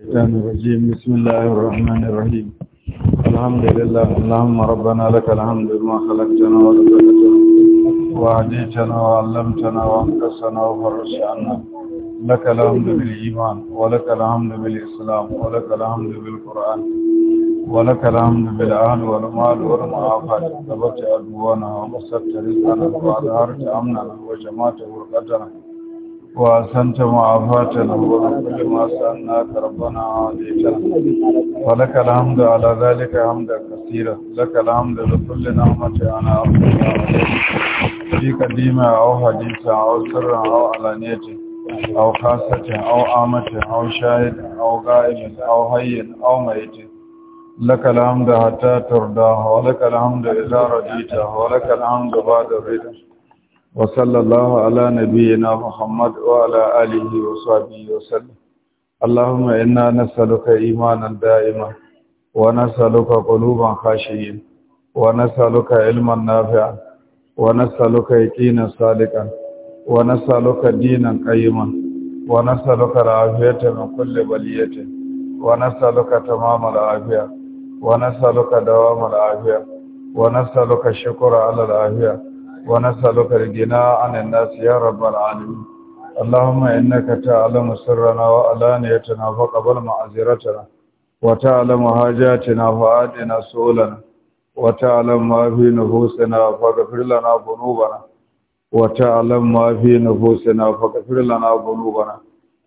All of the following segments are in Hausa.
الشيطان الرجيم بسم الله الرحمن الرحيم الحمد لله اللهم ربنا لك الحمد ما خلقتنا ورزقتنا وهديتنا وعلمتنا وانقصنا وفرجت عنا لك الحمد بالإيمان ولك الحمد بالإسلام ولك الحمد بالقرآن ولك الحمد بالأهل والمال والمعافات ثبت أدوانا ومسكت رزقنا وأظهرت أمننا وجمعت غرفتنا وأحسنت معافاتنا وكل ما سألناك ربنا عاديتنا ولك الحمد على ذلك حمدا كثيرا لك الحمد لكل نعمة أنا أعطيها في قديمة أو حديثة أو سر أو علانية أو خاصة أو عامة أو شاهد أو غائب أو حي أو ميت لك الحمد حتى ترضى ولك الحمد إذا رضيت ولك الحمد بعد رضا وصلى الله على نبينا محمد وعلى آله وصحبه وسلم اللهم إنا نسألك إيمانا دائما ونسألك قلوبا خاشعين ونسألك علما نافعا ونسألك يقينا صادقا ونسألك دينا قيما ونسألك العافية من كل بلية ونسألك تمام العافية ونسألك دوام العافية ونسألك الشكر على العافية ونسألك الجناء عن الناس يا رب العالمين اللهم إنك تعلم سرنا وألانيتنا فقبل معذرتنا وتعلم حاجاتنا فآتنا سؤلنا وتعلم ما في نفوسنا فاغفر لنا ذنوبنا وتعلم ما في نفوسنا فاغفر لنا ذنوبنا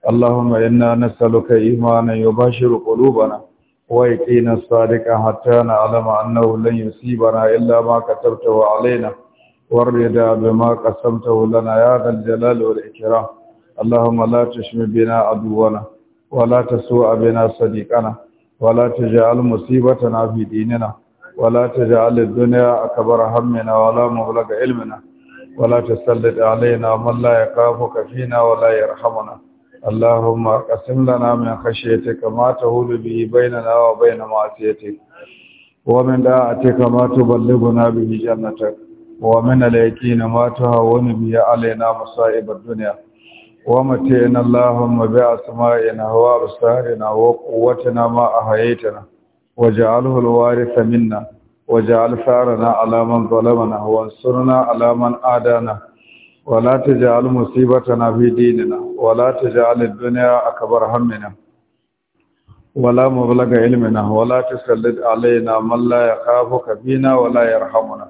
اللهم إنا نسألك إيمانا يباشر قلوبنا ويقينا صادقا حتى نعلم أنه لن يصيبنا إلا ما كتبته علينا والرضا بما قسمته لنا يا ذا الجلال والإكرام اللهم لا تشم بنا عدونا ولا تسوء بنا صديقنا ولا تجعل مصيبتنا في ديننا ولا تجعل الدنيا أكبر همنا ولا مبلغ علمنا ولا تسلط علينا من لا يخافك فينا ولا يرحمنا اللهم قسم لنا من خشيتك ما تهول به بيننا وبين معصيتك ومن داعتك ما تبلغنا به جنتك wa mana laiki na mata hawa ni biya alaina masaibar duniya wa mata yana Allahun mabi a sama yana hawa a na wata ma a hayaita waje alhulwari samin na waje alfara na alaman zalama na wa suna alaman ada wala ta ji al musibata na bi dini wala ta ji al duniya a kabar hammina wala mu bulaga ilmina wala ta sallid alaina man la ya khafu kabina wala yarhamuna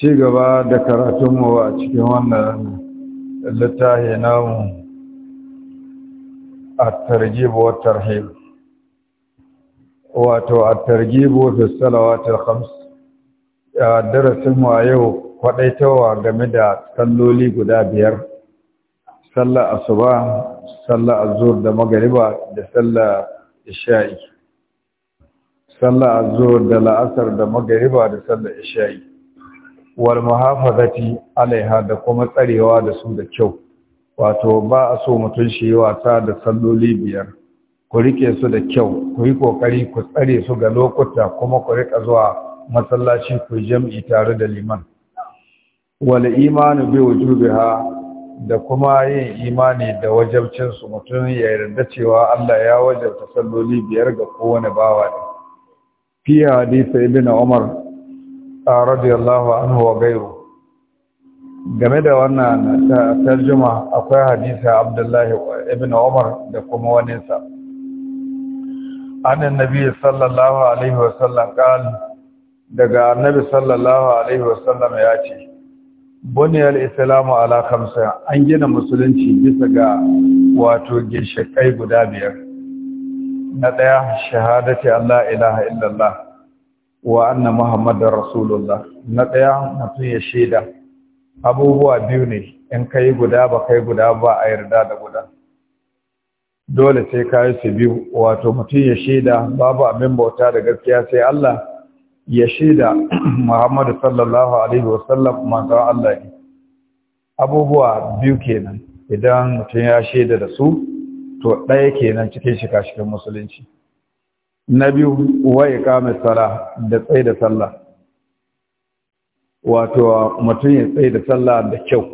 ci gaba da karatunmu a cikin wannan littafi namu a tarjibu wa tarhib wato a tarjibu fi salawatul khams a darasinmu a yau kwaɗaitawa game da salloli guda biyar sallar asuba sallar azur da magariba da sallar isha'i sallar azur da la'asar da magariba da sallar isha'i wal muhafazati alaiha da kuma tsarewa da su da kyau wato ba a so mutum shi yi wasa da salloli biyar ku rike su da kyau ku yi kokari ku tsare su ga lokuta kuma ku rika zuwa masallaci ku jam'i tare da liman wal imanu bi wujubiha da kuma yin imani da wajabcin su mutum ya yarda cewa Allah ya wajabta salloli biyar ga kowane bawa fi hadisi ibn Umar رضي anhu wa وغيره game da wannan tarjuma akwai hadisi abdullahi ibn umar da kuma sa annan nabi sallallahu alaihi wasallam kal daga annabi sallallahu alaihi wasallam ya ce buniyal islamu ala khamsa an gina musulunci bisa ga wato gishakai guda biyar na daya shahadati allah ilaha illallah wa anna muhammadar rasulullah na ɗaya mutum ya shaida abubuwa biyu ne in ka guda ba kai guda ba a yarda da guda dole sai ka yi su biyu wato mutum ya shaida babu abin bauta da gaskiya sai Allah ya shaida Muhammadu sallallahu alaihi wasallam manzo Allah ne abubuwa biyu kenan idan mutum ya shaida da su to ɗaya kenan cikin shiga cikin musulunci na biyu wa iqamat sala da tsaye da sallah wato mutum ya tsaye da sallah da kyau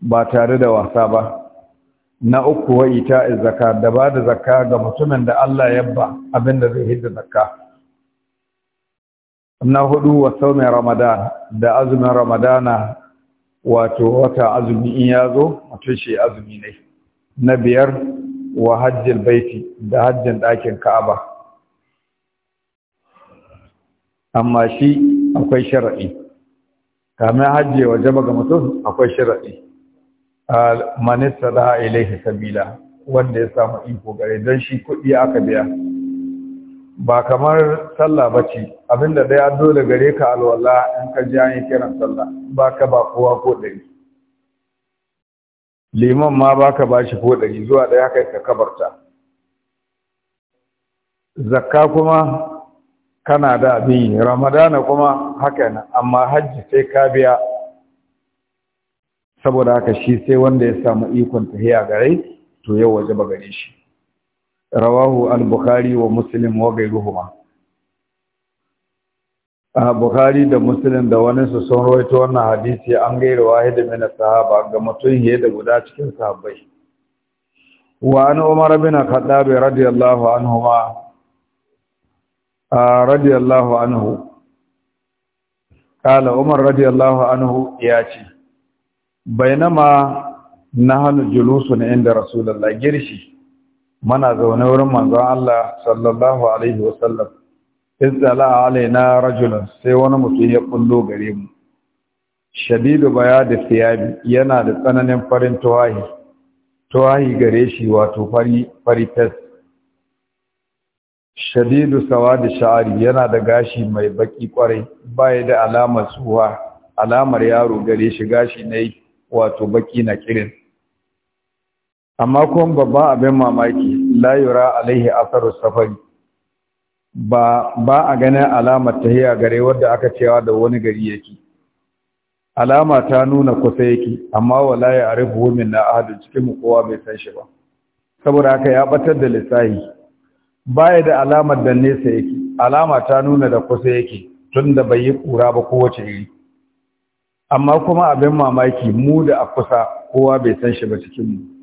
ba tare da wasa ba na uku wa ita zaka da ba da zaka ga mutumin da Allah ya ba abinda zai hidda zaka na hudu wa saumin ramadan da azumin ramadana wato wata azumi in ya zo mutum shi azumi ne na biyar wa hajjil baiti da hajjin ɗakin ka'aba amma shi akwai shara'i kamin hajji wa ga mutum akwai shara'i manista da ilaihi sabila wanda ya samu iko gare don shi kuɗi aka biya ba kamar sallah ba ce abinda ɗaya dole gare ka alwala in ka ji an yi kiran sallah ba ka ba kowa ko ɗari liman ma ba baka bashi ko ɗari zuwa ɗaya kai ka kabarta zakka kuma kana da abin ramadana kuma haka nan amma hajji sai ka biya saboda haka shi sai wanda ya samu ikon tahiya gare to yau waje ba gare shi rawahu al-bukhari wa muslim wa gairuhuma Bukhari da Muslim da wani su sun rawaito wannan hadisi an gairu wahida min sahaba ga mutum ya da guda cikin sahabbai wa an Umar bin Khattab radiyallahu anhuma radiyallahu anhu kala Umar radiyallahu anhu ya ce bainama nahnu julusun inda Rasulullah girshi mana zaune wurin manzon Allah sallallahu alaihi wasallam izzala alaina rajulan sai wani mutum ya kullo gare mu shadidu baya da siyabi yana da tsananin farin tuwahi tuwahi gare shi wato fari fari fes shadidu sawadi sha'ari yana da gashi mai baki kwarai baya da alamar suwa alamar yaro gare shi gashi ne wato baki na kirin amma kuma babban abin mamaki layura yura alaihi asarus safari ba ba a ganin alamar tahiya gare wadda aka cewa da wani gari yake alama ta nuna kusa yake amma wala ya arifu min na ahadu cikin mu kowa bai san shi ba saboda haka ya batar da lissahi baya da alamar da nesa yake alama ta nuna da kusa yake tunda bai yi kura ba kowace iri amma kuma abin mamaki mu da a kusa kowa bai san shi ba cikin mu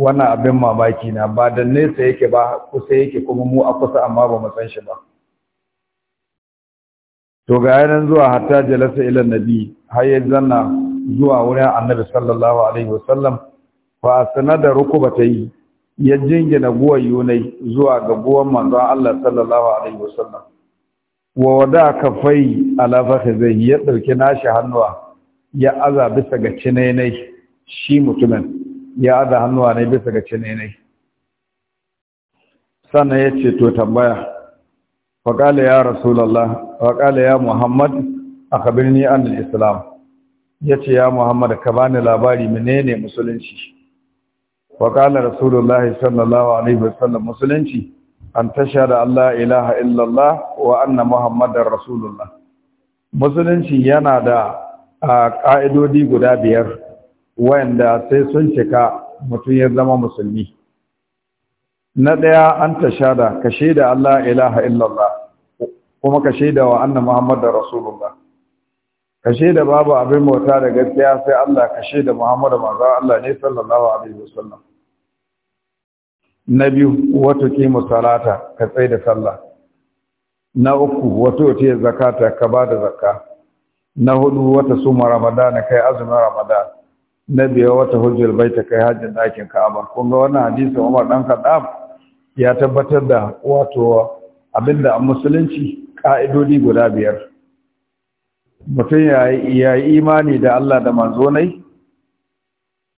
wannan abin mamaki na ba da nesa yake ba kusa yake kuma mu a kusa amma ba san shi ba to ga yanan zuwa hatta jalasa ila nabi har ya zanna zuwa wurin annabi sallallahu alaihi wasallam fa sanada rukubatai ya jingina guwan yunai zuwa ga guwan manzon Allah sallallahu alaihi wasallam wa wada kafai ala fakhizai ya ɗauki nashi hannuwa ya aza bisa ga cinenai shi mutumin ya aza hannuwa ne bisa ga ne. sannan ya ce to tambaya faƙala ya rasulallah faƙala ya muhammad a kabirni an islam ya ce ya muhammad ka bani labari menene musulunci faƙala rasulullahi sallallahu alaihi wasallam musulunci an tasha da Allah ilaha illallah wa anna muhammadar rasulallah. musulunci yana da a ƙa'idodi guda biyar wayanda sai sun cika mutum ya zama musulmi na ɗaya an ta shada ka shaida Allah ilaha illallah kuma ka shaida wa anna Muhammadu Rasulullah ka shaida babu abin mota da gaskiya sai Allah ka shaida Muhammadu manzo Allah ne sallallahu alaihi wasallam na biyu wato kimu musalata, ka tsaye da sallah na uku wato ta zakata ka ba da zakka na hudu wata suma ramadana kai azumin ramadana na biyar wata hujjar bai ta kai hajjin ɗakin ka'aba kun ga wannan hadisin umar ɗan kaɗaf ya tabbatar da wato abinda a musulunci ƙa'idodi guda biyar mutum ya yi imani da allah da manzonai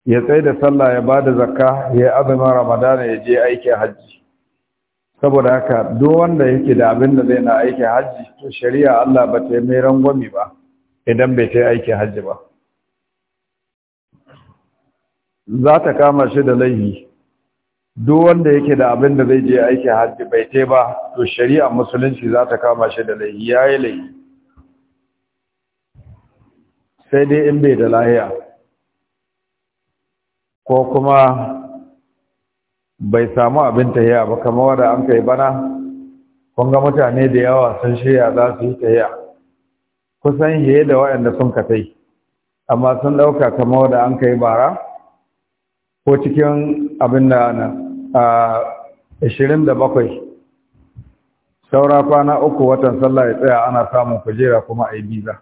ya tsaye da sallah ya ba da zakka ya azumin ramadana ya je aikin hajji saboda haka duk wanda yake da abin da zai na aikin hajji to shari'a allah ba ta yi mai rangwami ba idan bai ta yi aikin hajji ba za ta kama shi da laihi duk wanda yake da abin da zai je aiki hajji bai te ba to shari'a musulunci za ta kama shi da laifi ya yi laifi sai dai in bai da lahiya ko kuma bai samu abin tahiya ba kamar wanda an kai bana kun ga mutane da yawa sun shirya za su yi tahiya kusan yi da waɗanda sun katai amma sun ɗauka kamar wanda an kai bara ko cikin abin da na a bakwai. saura kwana uku watan sallah ya tsaya ana samun kujera kuma a yi biza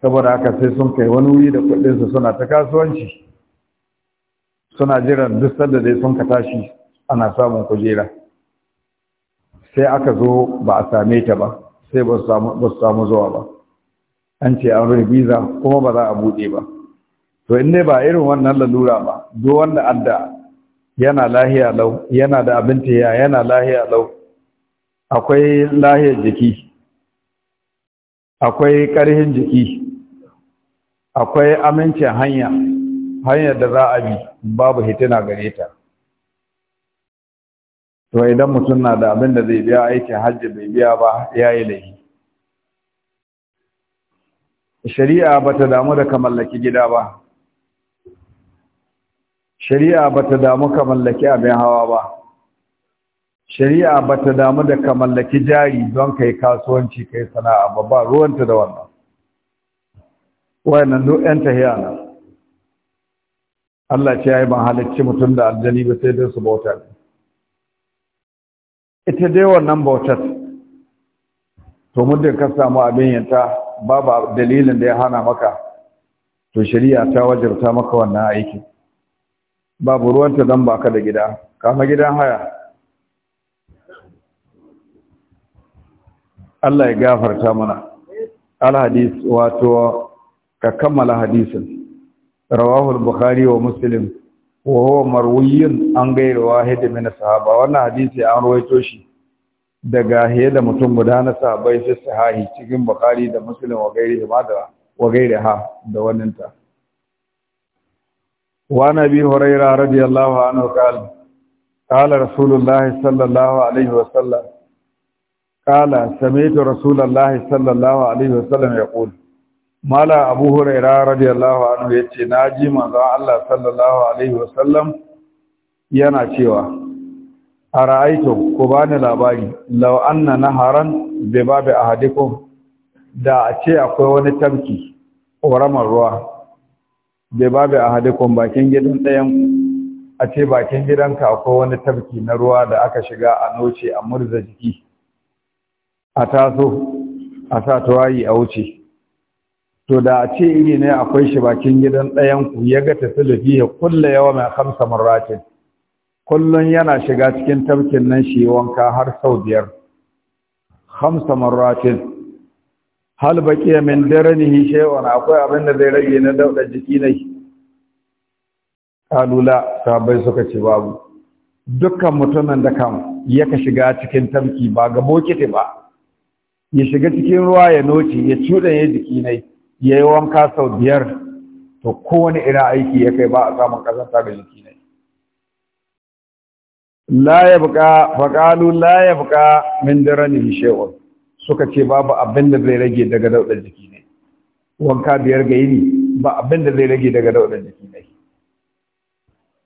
saboda haka sai sun kai wani wuri da kudinsu suna ta kasuwanci suna jiran duk sanda dai sun ka tashi ana samun kujera sai aka zo ba a same ta ba sai ba su samu zuwa ba an ce an rai biza kuma ba za a buɗe ba to in ba irin wannan lalura ba duk wanda adda yana lahiya lau yana da abin ya? yana lahiya lau akwai lahiyar jiki akwai ƙarhin jiki akwai amincin hanya hanyar da za a bi babu hitina gare ta to idan mutum na da abin da zai biya aikin hajji bai biya ba ya yi laifi shari'a ba ta damu da ka mallaki gida ba shari'a ba ta damu ka mallaki abin hawa ba shari'a ba ta damu da ka mallaki jari don ka yi kasuwanci ka yi sana'a ba ba ruwanta da wannan wayannan duk 'yan tahiya na Allah ce ya yi ban halicci mutum da aljani ba sai dai su bautar ita dai wannan bautar to muddin ka samu abin yanta babu dalilin da ya hana maka to shari'a ta wajabta maka wannan aikin babu ruwanta don baka da gida kama gidan haya Allah ya gafarta mana alhadis wato ka kammala hadisin rawahul bukhari wa muslim wa huwa marwiyyun an gairu wahid min sahaba wannan hadisi an ruwaito shi daga hiye da mutum guda na sahabbai sai sahihi cikin bukhari da muslim wa gairi da wa gairi ha da wannan ta وعن ابي هريره رضي الله عنه قال قال رسول الله صلى الله عليه وسلم قال سمعت رسول الله صلى الله عليه وسلم يقول مالا ابو mala abu huraira radiyallahu anhu yace naji الله صلى الله عليه وسلم yana cewa ara'aytum ku bani labari law anna naharan bi babu ahadikum da a ce akwai wani tabki ƙoramar ruwa bai babu a hadikon bakin gidan ɗayan a ce bakin gidanka akwai wani tafki na ruwa da aka shiga a noce a murza jiki a taso a sa tawayi a wuce to da a ce iri ne akwai shi bakin gidan ɗayan ku ya ga da ya kulle yawa mai hamsa marratin kullum yana shiga cikin tafkin nan shi wanka har sau biyar hamsa marratin hal baqiya min daranihi shay'un akwai abin da zai rage na dauda jiki ne kalula sabai suka ce babu dukkan mutumin da ya ka shiga cikin tamki ba ga bokiti ba ya shiga cikin ruwa ya noce ya ya jiki ne ya yi wanka sau biyar to kowane irin aiki ya kai ba a samun kasanta ga jiki ne la ya buka faƙalu la ya min daranihi suka ce babu abin da zai rage daga daudar jiki ne wanka biyar ga yini ba abin da zai rage daga daudar jiki ne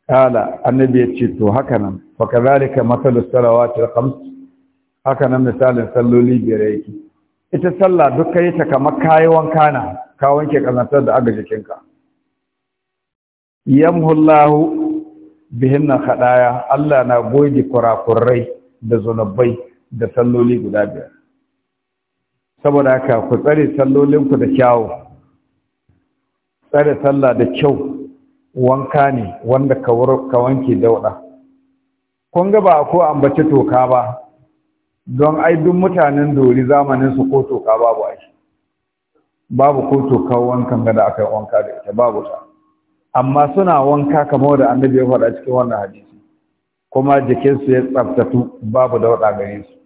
kala annabi ya ce to haka nan fa kazalika matalu salawati al-khams haka nan misalin salloli biyar yake ita sallah duk kai ta kamar kayi wanka na ka wanke kazantar da aga jikinka yamhullahu bihin na haɗaya Allah na goge kurakurai da zunubai da salloli guda biyar. saboda haka ku tsare sallolinku da kyawu tsare sallah da kyau wanka ne wanda ka wanke dauɗa kun ga ba ko ambaci toka ba don ai duk mutanen dori zamanin su ko toka babu shi babu ko toka wankan ga da aka yi wanka da ita babu ta amma suna wanka kamar da annabi ya faɗa cikin wannan hadisi kuma jikinsu ya tsaftatu babu dauɗa gare su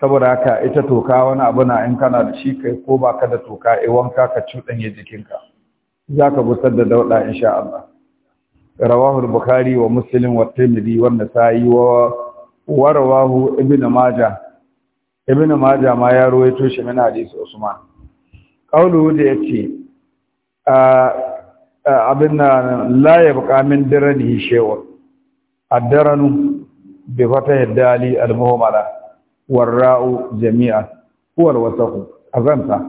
saboda haka ita toka wani abu na in kana da shi kai ko ba ka da toka ai eh, wanka ka cuɗanya jikinka za ka gusar da dauɗa insha Allah rawahu al-bukhari wa muslim wa tirmidhi wa nasa'i wa wa rawahu ibn majah ibn majah ma ya rawaito shi min hadisi usman qawluhu da yace abin la yabqa min dirani shewa ad bi fatah dali al-muhammala warra'u jami'a huwal wasaku azanta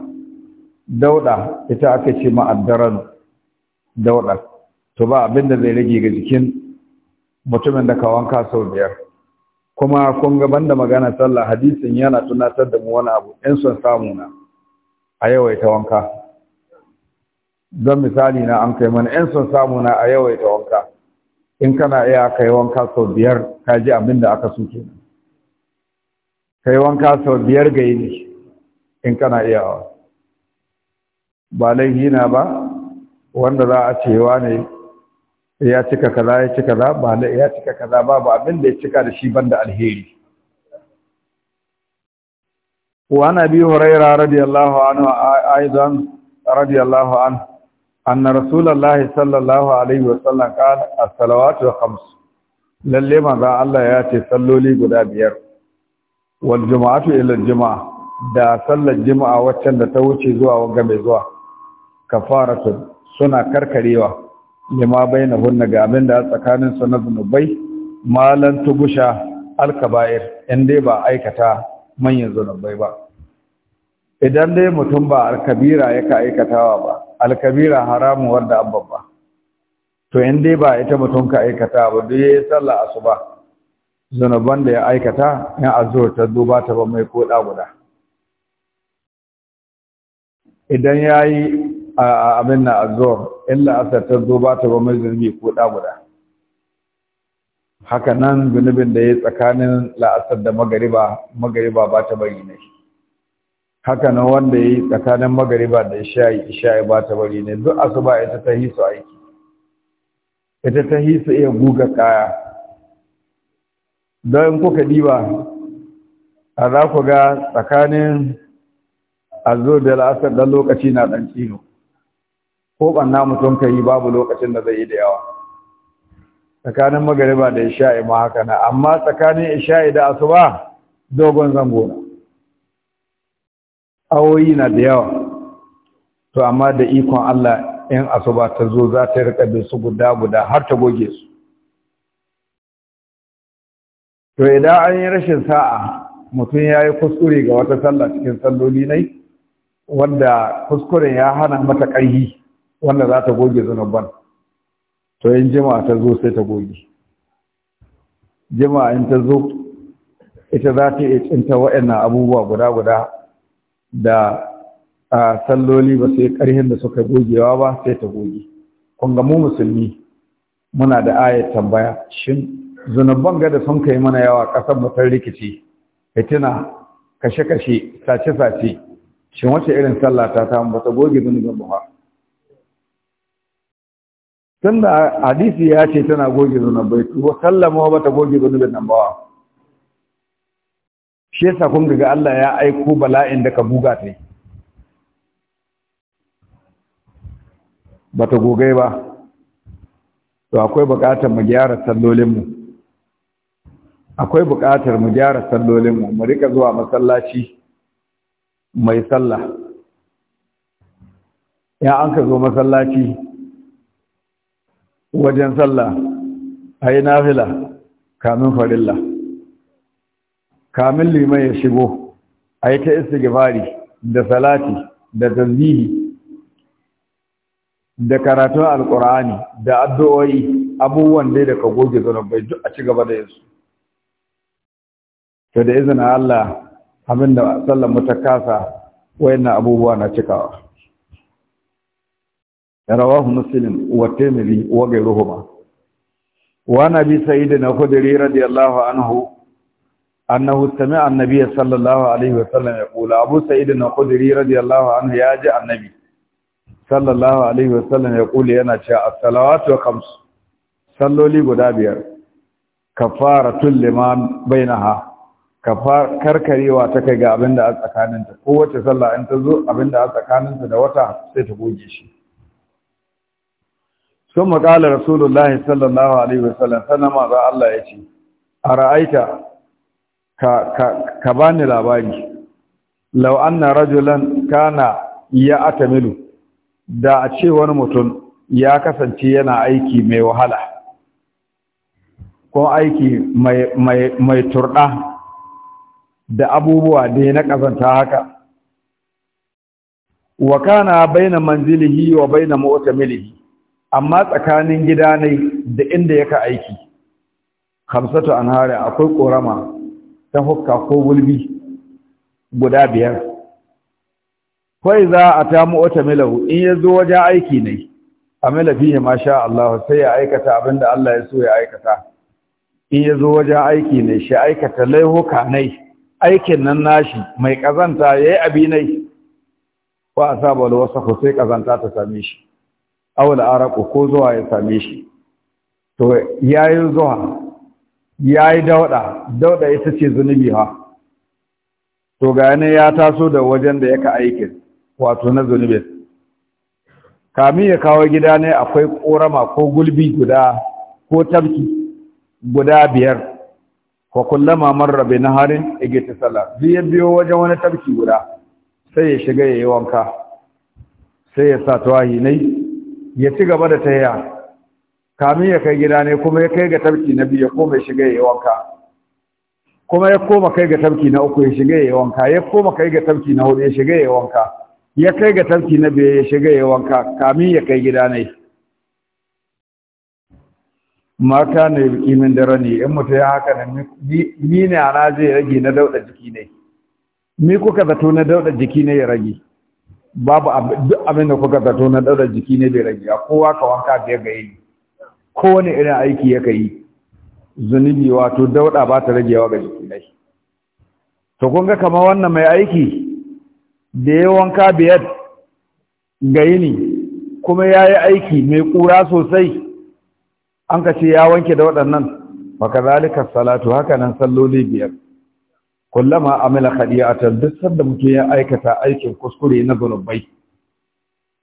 dauda ita aka ce ma dauda to ba abin da zai rage ga jikin mutumin da ka wanka sau biyar kuma kun ga banda magana sallah hadisin yana tunatar da mu wani abu in son samu na a yawaita wanka don misali na an kai mana in son samu na a yawaita wanka in kana iya kai wanka sau biyar ka ji abin da aka so kenan ka yi wanka sau biyar ga yini in kana iyawa ba laifi na ba wanda za a cewa ne ya cika kaza ya cika kaza ba ya cika kaza ba ba abin da ya cika da shi banda alheri وعن ابي هريره radiyallahu anhu عنه ايضا رضي الله عنه ان رسول الله صلى الله عليه وسلم قال الصلوات الخمس lalle maza Allah ya ce salloli guda biyar wal juma'atu ila juma'a da sallar juma'a waccan da ta wuce zuwa wanga mai zuwa kafaratu suna karkarewa lima baina hunna ga abin da tsakanin su na zunubai malan tugusha alkaba'ir in dai ba aikata manyan zunubai ba idan dai mutum ba alkabira ka aikatawa ba alkabira haramu wanda abba ba to in dai ba ita mutum ka aikata ba duk yayi sallah asuba zunuban da ya aikata in azur ta duba ta ba mai koda guda idan ya yi abin na azur illa asar ta duba ta ba mai zunubi koda guda haka nan zunubin da ya yi tsakanin la'asar da magariba magariba ba ta bari ne haka nan wanda ya yi tsakanin magariba da ishayi-ishayi ba ta bari ne duk asuba ita ta hisu aiki ita ta hisu iya guga kaya don kuka diba a za ku ga tsakanin azur da la'asar don lokaci na ɗan cino ko ɓanna mutum ka yi babu lokacin da zai yi da yawa tsakanin magariba da isha'i ma haka na amma tsakanin isha'i da asuba dogon zango na awoyi na da yawa to amma da ikon Allah in asuba ta zo za ta rika da su guda guda har ta goge su to idan an yi rashin sa'a mutum ya yi kuskure ga wata sallah cikin salloli nai wanda kuskuren ya hana mata ƙarfi wanda za ta goge zunubban to yin jima'a ta zo sai ta goge jima'a in ta zo ita za ta iya cinta waɗannan abubuwa guda guda da a salloli ba su ƙarhin da suka gogewa ba sai ta goge kun mu musulmi muna da ayat tambaya shin zunubban gada sun kai mana yawa ƙasar mutar rikici fitina kashe-kashe sace-sace shi wace irin sallah ta samu ba ta goge zunubin ba tun da hadisi ya ce tana goge zunubai tuwa sallama ba ta goge zunubin nan ba shi yasa kun ga Allah ya aiko bala'in da ka buga ta yi ba ta gogai ba to akwai bukatar mu gyara sallolinmu akwai buƙatar mu gyara sallolinmu mu rika zuwa masallaci mai sallah ya an ka zo masallaci wajen sallah a yi nafila kamin farilla kamin liman ya shigo a yi ta istighfari da salati da tasbihi da karatun alkur'ani da addu'o'i abubuwan dai da ka goge bai duk a ci gaba da yansu to da izinin Allah abinda sallan mu ta kasa wayannan abubuwa na cikawa rawahu muslim wa tirmidhi wa ghayruhuma wa nabi sayyidina khudri radiyallahu anhu annahu sami'a an sallallahu alaihi wa sallam yaqulu abu sayyidina khudri radiyallahu anhu ya ji annabi sallallahu alaihi wa sallam yaqulu yana cewa as-salawatu khams salloli guda biyar kafaratul liman bainaha ka karkarewa ta kai ga abin da a tsakaninta kowace sallah in ta zo abin da a tsakaninta da wata sai ta goge shi sun makalar rasulullahi sallallahu alaihi wasallam sannan maza Allah ya ce a ra'aita ka bani labari lau anna rajulan kana ya atamilu da a ce wani mutum ya kasance yana aiki mai wahala ko aiki mai turɗa da abubuwa da ya na kazanta haka wa kana baina manzilihi wa baina mu'tamilihi amma tsakanin gida da inda yaka aiki khamsatu anhari akwai korama ta hukka ko bulbi guda biyar kai za a ta mu'tamilahu in yazo wajen aiki ne amala fihi ma sha Allah sai ya aikata abinda Allah ya so ya aikata in yazo wajen aiki ne shi aikata laihuka ne aikin nan nashi mai kazanta yayi abinai wa asaba wal wasakh sai kazanta ta same shi aw al araqu ko zuwa ya same shi to yayi zuwa yayi dauda dauda ita ce zunubi ha to ga ne ya taso da wajen da yaka aikin wato na zunubi. Kami ya kawo gida ne akwai korama ko gulbi guda ko tabki guda biyar wa kullama marra bi naharin igtisala biye biyo wajen wani tafki guda sai ya shiga yayi wanka sai ya sa tawahi ne ya ci gaba da tayya kami ya kai gida ne kuma ya kai ga tafki na biyu ko ya shiga yayi wanka kuma ya koma kai ga tafki na uku ya shiga yayi wanka ya koma kai ga tafki na hudu ya shiga yayi wanka ya kai ga tafki na biyu ya shiga yayi wanka kami ya kai gida ne Mata ne biki min da rani in mutu ya haka ne ni ne ana zai rage na dauda jiki ne mi kuka zato na dauda jiki ne ya rage babu abin da kuka zato na dauda jiki ne bai rage kowa ka wanka da ga yi kowane irin aiki ya kai zunubi wato dauda ba ta ragewa ga jiki ne to kun ga kamar wannan mai aiki da ya wanka biyar ga yini kuma ya yi aiki mai kura sosai an ka ce ya wanke da waɗannan faka zalika salatu hakanan nan salloli biyar kullama amila khadi'atan duk sanda mutum ya aikata aikin kuskure na zunubai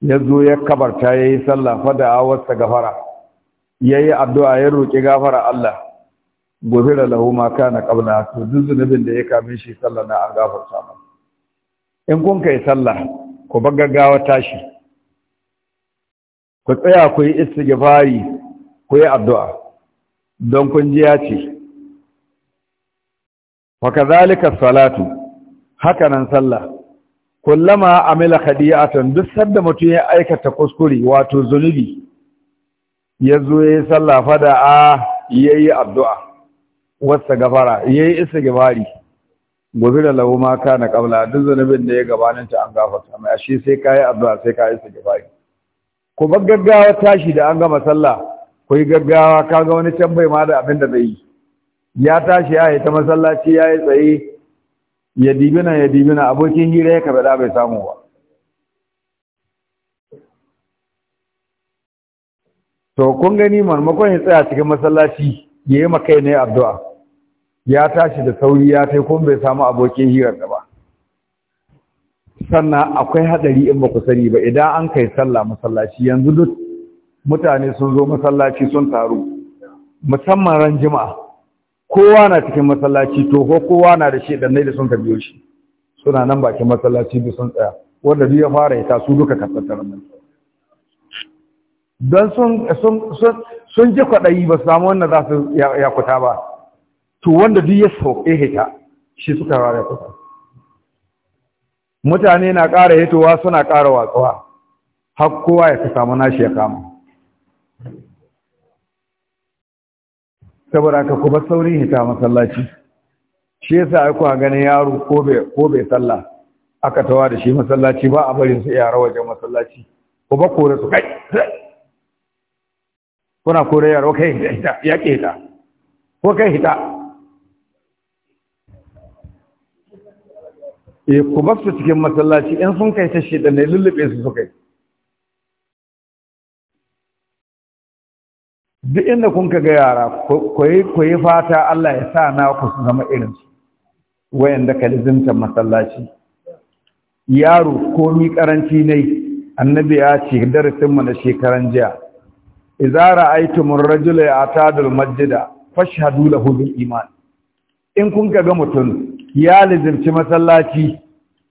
ya zo ya kabarta ya yi sallah fada awarsa gafara ya yi addu'a ya roƙi gafara Allah gobe da lahu ma kana qabla to duk zunubin da ya kame shi sallah na an gafarta in kun kai sallah ku bar gaggawa tashi ku tsaya ku yi istighfari ku yi addu'a don kun ji ya ce waka zalika salatu haka nan sallah kullama amila khadi'atan duk sanda mutum ya aikata kuskure wato zunubi ya zo ya yi sallah fada a ya yi addu'a wasta gafara gabari. Gobe da lahu ma na qabla duk zunubin da ya gabaninta an gafarta mai ashe sai ka yi addu'a sai ka gabari. Ku bar gaggawa tashi da an gama sallah ku gaggawa gaggawa kaga wani can bai ma da abin da zai yi ya tashi ya yi ta masallaci ya yi tsaye ya dibina ya dibina abokin hira ya kaɓe bai samu ba to kun gani marmakon ya tsaya cikin masallaci ya yi makai ne addu'a ya tashi da sauri ya kai kun bai samu abokin hirar da ba sannan akwai haɗari in ba ku sani ba idan an kai sallah masallaci yanzu duk mutane sun zo masallaci sun taru musamman ran jima'a kowa na cikin masallaci to ko kowa na da shedannai da sun tabbiyo shi suna nan bakin masallaci bi sun tsaya wanda duk ya fara ya su duka kasattar nan don sun sun sun sun ji kwaɗayi ba su samu wannan za su yakuta ba to wanda duk ya sauƙe hita shi suka rara kusa mutane na ƙara hitowa suna ƙara watsuwa har kowa ya samu nashi ya kama saboda ka kuma saurin hita masallaci shi yasa ai kuwa ganin yaro ko bai ko bai sallah aka tawa da shi masallaci ba a barin su yara wajen masallaci ko ba kore su kai kuna kore yaro kai hita ya ke hita ko kai hita e ku ba su cikin masallaci in sun kai ta shi da ne lullube su su kai duk inda kun ga yara ku yi fata Allah ya sa na ku su zama irinsu wayanda ka lizinta masallaci yaro komi karanci ne annabi ya ce darasin mu na shekaran jiya idza ra'aytumur rajula ya'tadul masjida fashhadu lahu bil iman in kun ga mutum ya lizimci masallaci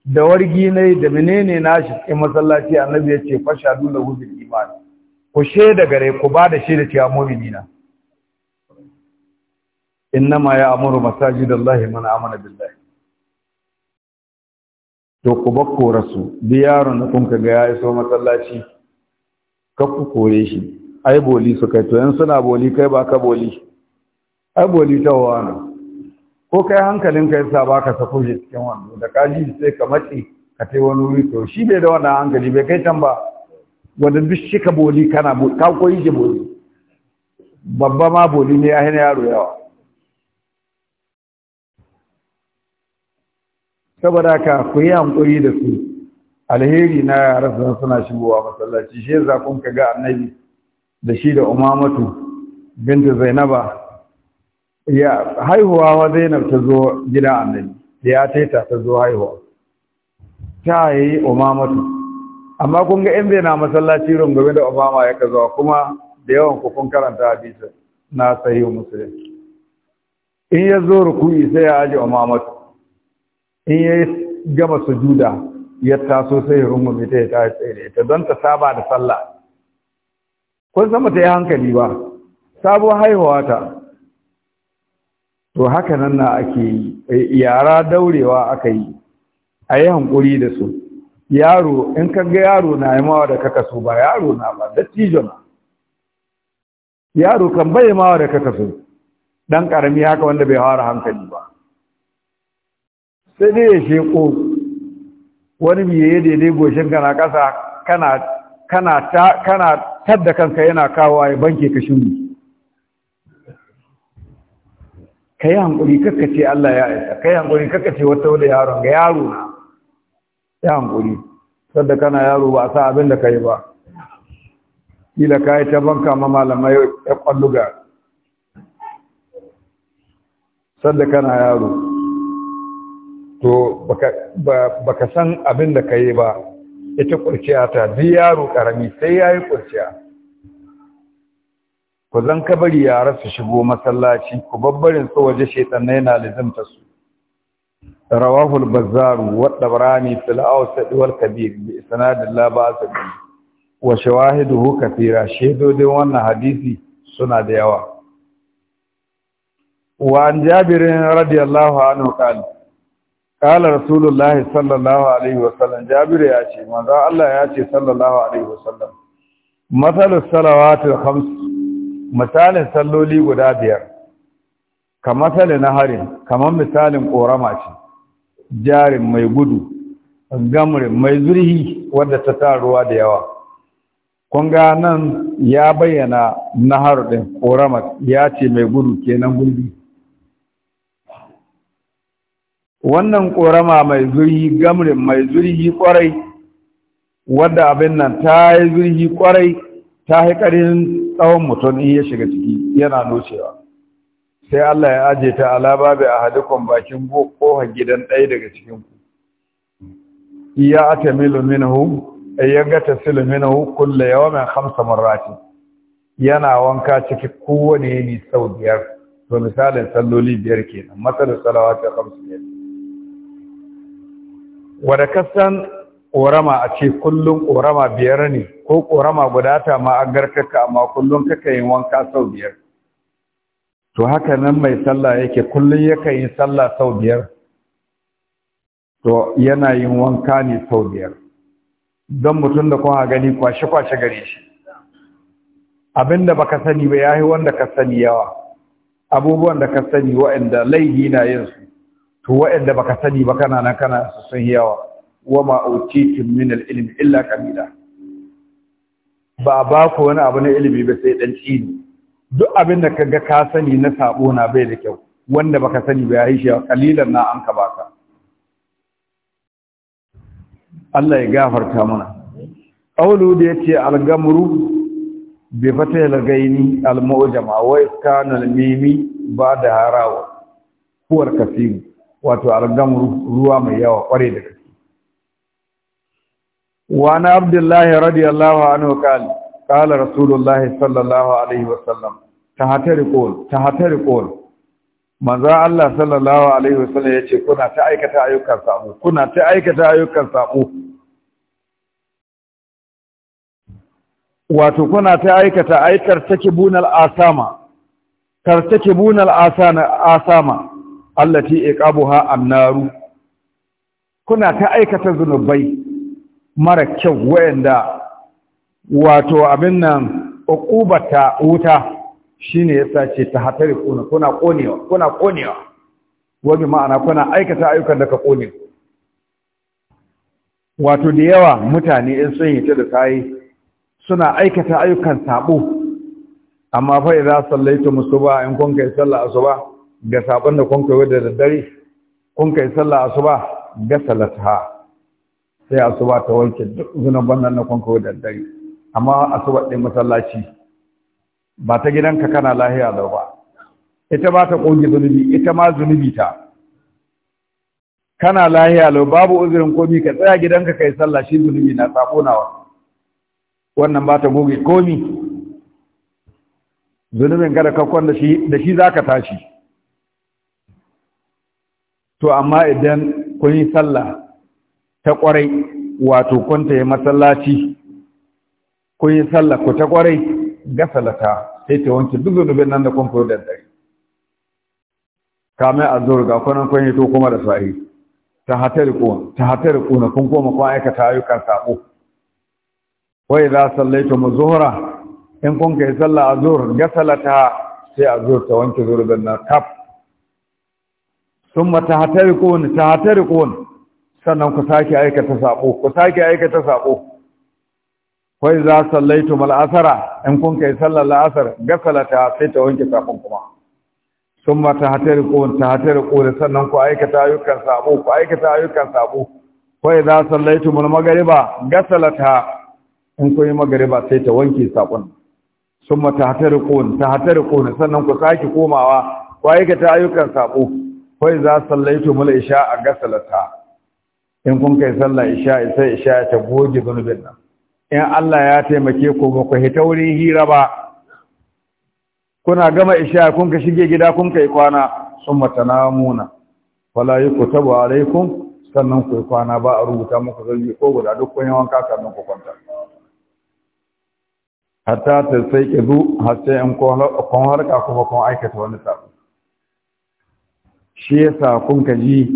da wargi ne da menene nashi cikin masallaci annabi ya ce fashhadu lahu bil iman ku shaida gare ku ba da shaida cewa na innama ya amuru masajidallahi man amana billahi to ku bako rasu bi yaron da kun ga ya iso masallaci ka ku kore shi ai boli su kai to yan suna boli kai ba ka boli ai boli ta wani ko kai hankalin kai sa ba ka sako shi cikin wani da kaji sai ka matse ka tai wani wuri to shi bai da wannan hankali bai kai can ba wanda duk shi ka boli kana boli ka koyi shi boli babba ma boli ne ya hana yaro yawa saboda ka ku yi hankuri da su alheri na yara sun suna shigowa masallaci shi yasa kun ka ga annabi da shi da umamatu binta zainaba ya haihuwa wa zainab ta zo gida annabi ya taita ta zo haihuwa ta yi umamatu amma kun ga inda yana masallaci rungume da obama ya ka zuwa kuma da yawan ku kun karanta hadisin na sahihu muslim in ya zo ruku'i sai ya aje umama in ya gama sujuda ya taso sai ya rungume ta ya tashi tsaye ta don ta saba da sallah kun sama ta yi hankali ba Sabuwa haihuwa ta to haka nan na ake yi yara daurewa aka yi a yi hankuri da su yaro in ka ga yaro na yi mawa da kaka so ba yaro na ba dattijo na yaro kan bai mawa da kaka so dan karami haka wanda bai hawara hankali ba sai dai ya sheko wani miye daidai goshin kana kasa kana kana ta kana tadda kanka yana kawo ya banke ka shuru kai hankuri kakkace Allah ya aika kai hankuri kakkace wata wanda yaron ga yaro na ya hankuri sadda kana yaro ba a sa abin da ka yi ba ila ka yi ta banka ma malamai ya kwalluga sadda kana yaro to baka san abin da ka yi ba ita kurciya ta duk yaro karami sai ya yi kurciya ku zan kabari yara su shigo masallaci ku babbarin su waje shaitan na yana lizimta su رواه البزار والدبراني في الأوسط والكبير بإسناد الله بأسد وشواهده كثيرا شهدوا دي وانا حديثي سنة ديوا وعن جابر رضي الله عنه قال قال رسول الله صلى الله عليه وسلم جابر ياتي ذا الله ياتي صلى الله عليه وسلم مثل الصلوات الخمس مثال صلولي غدا kamar ta na harin kamar misalin ƙorama ce jarin mai gudu gamurin mai zurhi wadda ta sa ruwa da yawa Kunga nan ya bayyana na ɗin ƙorama ya ce mai gudu kenan gulbi wannan ƙorama mai zurhi gamurin mai zurhi ƙwarai wadda abin nan ta yi zurhi ƙwarai ta haikarin tsawon mutum in ya shiga ciki yana nocewa sai Allah ya aje ta ala a hadikon bakin kohon gidan ɗaya daga cikin ku iya ta minhu ayyanga hu, kulle kullu mai hamsa marrati yana wanka ciki kowane yini sau biyar to misalin salloli biyar kenan matsalar ta hamsa ne Wada kasan ƙorama a ce kullum ƙorama biyar ne ko ƙorama guda ta ma an garkaka amma kullum kaka yin wanka sau biyar to haka nan mai sallah yake kullum yakan yi sallah sau biyar to yana yin wanka ne sau biyar don mutum da kuma gani kwashe-kwashe gare shi abinda baka sani ba ya yi wanda ka sani yawa abubuwan da ka sani wa'inda laihi na yin su to wa'inda baka sani ba kana nan kana su sun yawa wa ma utitum min al illa kamila ba ba ku wani abu na ilimi ba sai dan tsini duk abin da kaga ka sani na sabo na bai da kyau wanda baka sani ba yayi shi kalilan na an ka baka Allah ya gafarta mana qawlu da yace al-gamru bi fatahil gaini al-mu'jama wa iskanul mimi ba da harawa kuwar kasiru wato al-gamru ruwa mai yawa kware da gaske wa na abdullahi radiyallahu anhu qala قال رسول الله صلى الله عليه وسلم Ta ta tahatarikol tahatarikol manzo Allah sallallahu alaihi wasallam yace kuna ta aikata ayyukan sabo kuna ta aikata ayyukan sabo wato kuna ta aikata aikar take bunal asama kartake bunal asana asama allati iqabuha annaru kuna ta aikata zunubai mara kyau wayanda wato abin nan uqubata wuta shine yasa ce ta hatari kuna kuna konewa kuna konewa wani ma'ana kuna aikata ayyukan da ka kone wato da yawa mutane in sun yi ta da kayi suna aikata ayyukan sabo amma fa idza musu ba in kun kai sallah asuba ga sabon da kun kai da daddare kun kai sallah asuba ga salatha sai asuba ta wanke duk zunuban nan na kun kai da daddare amma asuba din masallaci ba ta gidanka kana lahiya da ba ita ba ta ƙungi zunubi ita ma zunubi ta kana lahiya lau babu uzurin komi ka tsaya gidanka kai sallah shi zunubi na sabo nawa wannan ba ta goge komi zunubin kada ka da shi da shi zaka tashi to amma idan kun yi sallah ta kwarai wato kun ta yi masallaci kun yi sallah ku ta kwarai gasalata sai ta wanke duk zunubin nan da kun koyo da dare kame a zuwa ga kwanan kun to kuma da sahi ta hatar kuwa ta hatar kuna kun koma kun aikata ayyukan sabo wa idza mu zuhra in kun kai sallah zuwa gasalata sai zuwa ta wanke zunubin nan kaf summa ta hatar kuwa ta hatari ko sannan ku sake aikata sabo ku sake aikata sabo wai za sallaitu mal'asara in kun kai sallar la'asar gasalata sai ta wanke kafin kuma sun ma ta hatari ƙun ta hatari ƙuri sannan ku aikata ayyukan sabo ku aikata ayyukan sabo wai za sallaitu mal magariba gasalata in kun yi magariba sai ta wanke sabon sun ma ta hatari ƙun ta hatari ƙuri sannan ku sake komawa ku aikata ayyukan sabo wai za sallaitu mal isha a gasalata in kun kai sallar isha sai isha ta goge zunubin nan in Allah ya taimake ku ba ku hita hira ba kuna gama isha kun ka shige gida kun kai kwana sun matanamuna wala kutabu alaikum sannan ku kwana ba a rubuta muku zargi ko guda duk kun yawan kan ku kwanta hatta ta sai ki zu har sai in kun harka kuma kun aikata wani sabu shi yasa kun ka ji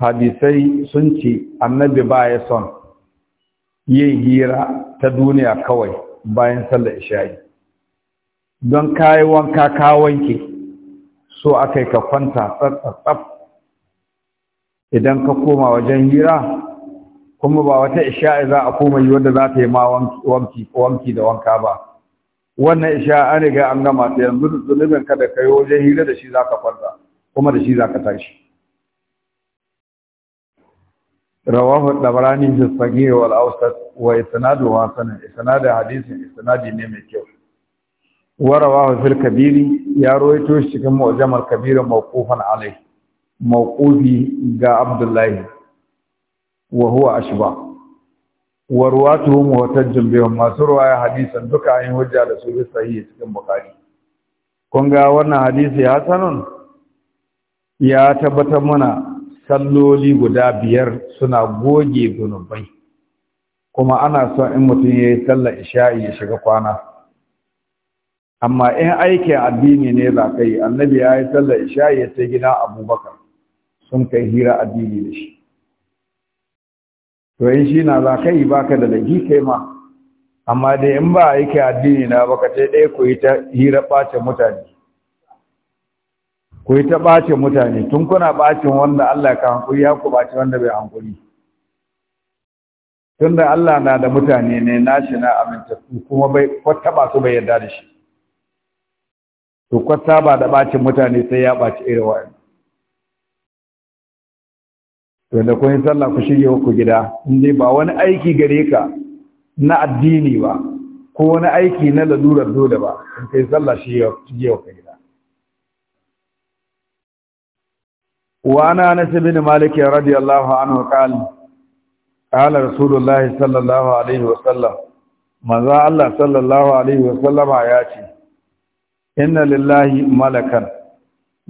hadisai sun ce annabi ba ya son yin hira ta duniya kawai bayan sallar isha'i don kayi wanka ka wanke so aka ka kwanta tsatsatsaf idan ka koma wajen hira kuma ba wata isha'i za a koma yi wanda za ta yi ma wanki da wanka ba wannan isha'i an riga an gama ta yanzu zunubin ka da kai wajen hira da shi za ka kwanta kuma da shi za ka tashi rawahu dabrani fi sahih wal awsat wa isnadu hasan isnadu hadisin isnadi ne mai kyau wa rawahu fil kabiri ya rawaito shi cikin mu'jamar kabira mawqufan alai mawqufi ga abdullahi wa huwa ashba wa ruwatuhu muhtajjun bihum masu ruwaya hadisan duka ayin hujja da su sahih cikin bukhari kun ga wannan hadisi hasanun ya tabbatar mana salloli guda biyar suna goge zunubai kuma ana so in mutum ya yi sallar isha'i ya shiga kwana amma in aikin addini ne za ka yi annabi ya yi sallar isha'i ya ce gina abubakar sun kai hira addini da shi to in shi na za ka yi ka da lagi kai ma amma dai in ba aiki addini na baka ce ɗaya ku yi ta hira ɓace mutane ku yi ta ɓace mutane tun kuna ɓacin wanda Allah ka hankuri ya ku ɓace wanda bai hankuri tun da Allah na da mutane ne na shi na amintattu kuma bai kwata ba su bai yarda da shi to kwata ba da ɓacin mutane sai ya ɓaci irin wa'in to da kun yi sallah ku shige ku gida in dai ba wani aiki gare ka na addini ba ko wani aiki na lalurar dole ba in kai sallah shi ya shige ku gida وعن انس بن مالك رضي الله عنه قال قال رسول الله صلى الله عليه وسلم ماذا الله صلى الله عليه وسلم ياتي ان لله ملكا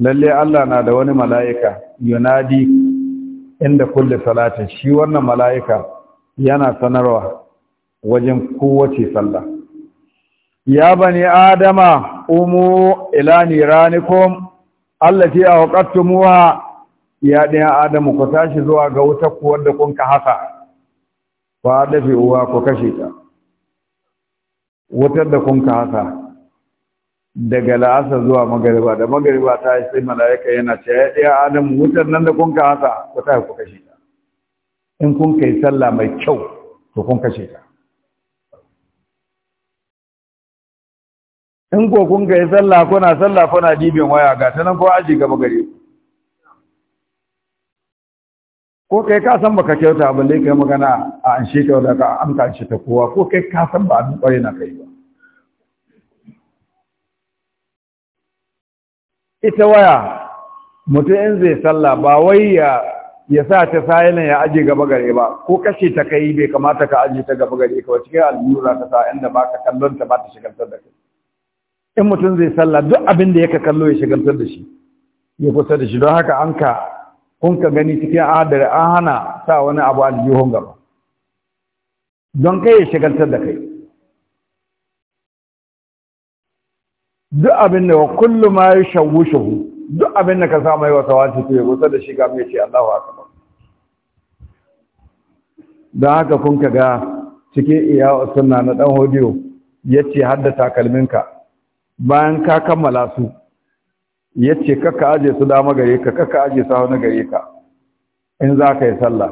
lalle Allah na da wani mala'ika yunadi inda kulle salatin shi wannan mala'ika yana sanarwa wajen kowace sallah ya bani adama umu ila niranikum allati awqattumuha ya ɗaya adamu ku tashi zuwa ga wutar ku wadda kun ka haka ku dafi uwa ku kashe ta wutar da kun ka haka daga la'asar zuwa magariba da magariba ta yi sai mala'ika yana ce ya ɗaya adamu wutar nan da kun ka haka ku tashi ku kashe ta in kun kai sallah mai kyau to kun kashe ta in ko kun kai sallah kuna sallah kuna dibin waya ga ta nan ko aji gaba gare ku ko kai ka san baka kyauta ba lai kai magana a an shi kyauta ka an ka shi ta kowa ko kai ka san ba abin kwarai na kai ba ita waya mutum in zai sallah ba wai ya ya sa ta sayanin ya aje gaba gare ba ko kashe ta kai bai kamata ka aje ta gaba gare ka wace kai allura ka sa inda baka kallon ta ba ta shigantar da kai in mutum zai sallah duk abin da yake kallo ya shigantar da shi ya kusa da shi don haka an ka kun ka gani cikin adar an hana sa wani abu aljihun gaba don kai ya shigaltar da kai duk abin da wa kullum ma ya shahu duk abin da ka sa yi wata wata ce ya da shi mai ce Allahu akbar don haka kun ka ga cikin iya sunna na dan hodiyo yace hadda takalminka bayan ka kammala su yace kaka aje su dama gare ka kaka aje su hauna gare ka in za ka yi sallah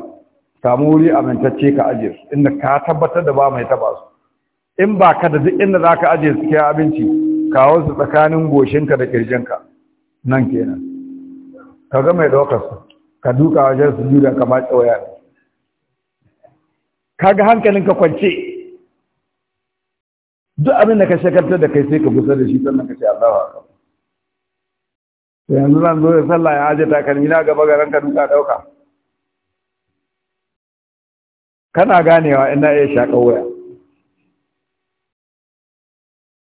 samu wuri amintacce ka aje su inda ka tabbatar da ba mai taba su in ba ka da duk inda za ka aje su kai abinci kawo su tsakanin goshinka da kirjinka nan kenan ka ga mai ɗaukar su ka duka wajen su juda ka ba tsawaya ka ga hankalinka kwance duk abin da ka shakartar da kai sai ka gusa da shi sannan ka ce Allahu akbar yanzu zan zo da sallah ya aje takalmi na gaba garan ka duka dauka kana ganewa ina iya shaƙar waya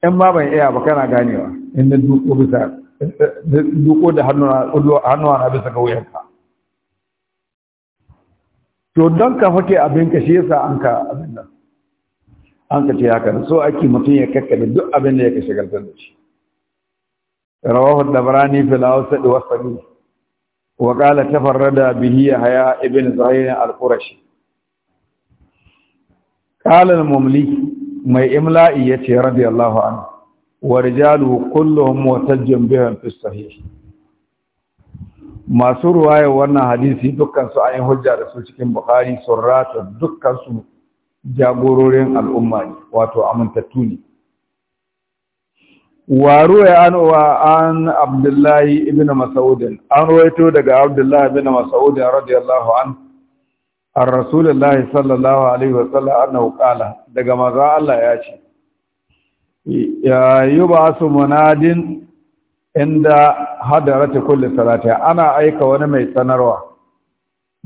in ma ban iya ba kana ganewa in na duko bisa duko da hannuwa na bisa ga ka. to don ka fake ka shi yasa an ka abin nan an ka ce haka so ake mutum ya kakkabe duk abin da ya ka shagaltar da shi رواه الدبراني في الأوسط والصغير وقال تفرد به يحيى ابن زهير القرشي قال المملي mai imla'i ya ce radiyallahu an wa rijalu kulluhum mutajjim bihim fi sahih masu ruwaya wannan hadisi dukkan su ayin hujja da su cikin bukhari surrata dukkan su jagororin al'umma ne wato amintattu ne waruwa an wa an abdullahi ibn mas'ud an ruwaito daga abdullahi ibn mas'ud radiyallahu an ar rasulullahi sallallahu alaihi wa sallam, annahu qala daga maza Allah ya ce ya yubasu munadin inda hadarata kulli salati ana aika wani mai sanarwa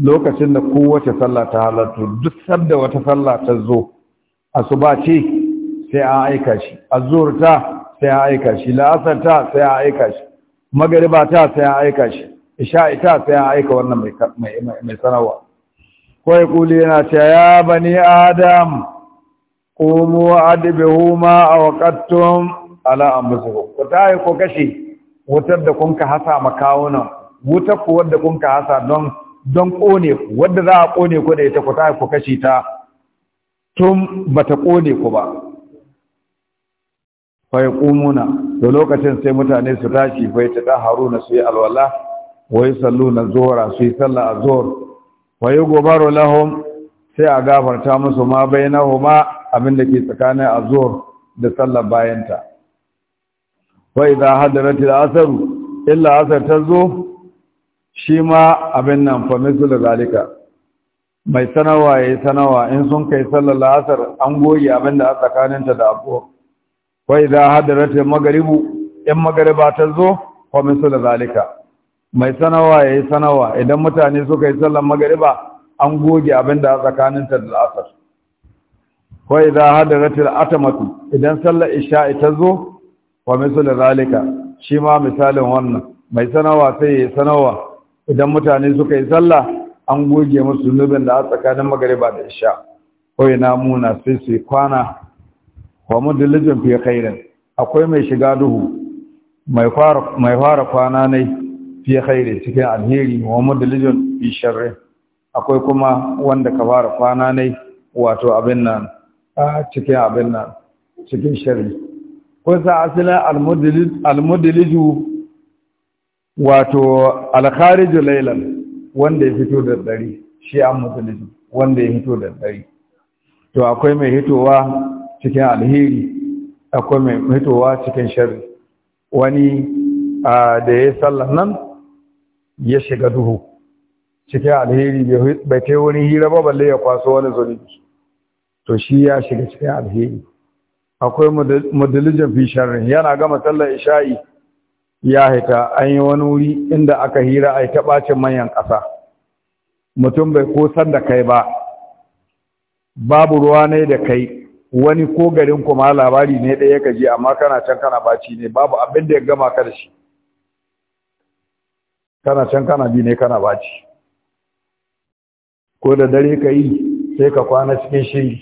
lokacin da kowace sallah ta halartu duk sabda wata sallah ta zo asuba ce sai an aika shi azurta sai a aika shi la'asar ta sai a aika shi magariba ta sai a aika shi isha'i ta sai a aika wannan mai sanarwa kawai kuli yana ce ya bani adam ƙomo adibihu ma a wakattun ala'an musu ku ta yi ko kashe wutar da kun ka hasa makawunan wutar ku wadda kun ka hasa don don kone ku wadda za a kone ku da ita ku ta yi ko kashe ta tun ba ta kone ku ba fa da lokacin sai mutane su tashi fa Haruna su yi alwala wa yusalluna zuhra su yi sallah azhur wa yughfaru lahum sai a gafarta musu ma bainahuma abinda ke tsakanin azhur da sallar bayanta wa idha hadarat al-asr illa asr tazo shi ma abin nan fa mislu zalika mai sanawa ya sanawa in sun kai sallar la'asar an goyi abin da a tsakaninta da abu. wai za hadaratul magaribu in magariba ta zo fa su da zalika mai sanawa ya yi sanawa idan mutane suka yi sallar magariba an goge abin da tsakaninta da asar wai hadarat al atamatu idan sallar isha'i ta zo fa su da zalika shi ma misalin wannan mai sanawa sai ya yi sanawa idan mutane suka yi sallah an goge musu zunubin da a tsakanin magariba da isha kawai muna sai su kwana wa mudallijin fi khairin akwai mai shiga duhu mai fara mai fara kwana ne fi khairin cikin alheri wa mudallijin fi sharri akwai kuma wanda ka fara kwana ne wato abin nan a cikin abin nan cikin sharri ko sa asalin almudallij almudalliju wato alkhariju laylan wanda ya fito da dare shi an mudalliju wanda ya fito da dare to akwai mai hitowa cikin alheri akwai mai mutuwa cikin shari wani da ya sallan nan ya shiga duhu cikin alheri bai kai wani hira ba balle ya kwaso wani zuri. to shi ya shiga cikin alheri akwai mudalijan fi sharrin yana gama sallar isha'i ya haita an yi wani wuri inda aka hira a ta ɓacin manyan ƙasa mutum bai kosar da kai ba babu ruwa ne da kai wani ko garin kuma labari ne ɗaya ka je amma kana can kana baci ne babu abin da ya gama ka da shi kana can kana bi ne kana baci ko da dare ka yi sai ka kwana cikin shiri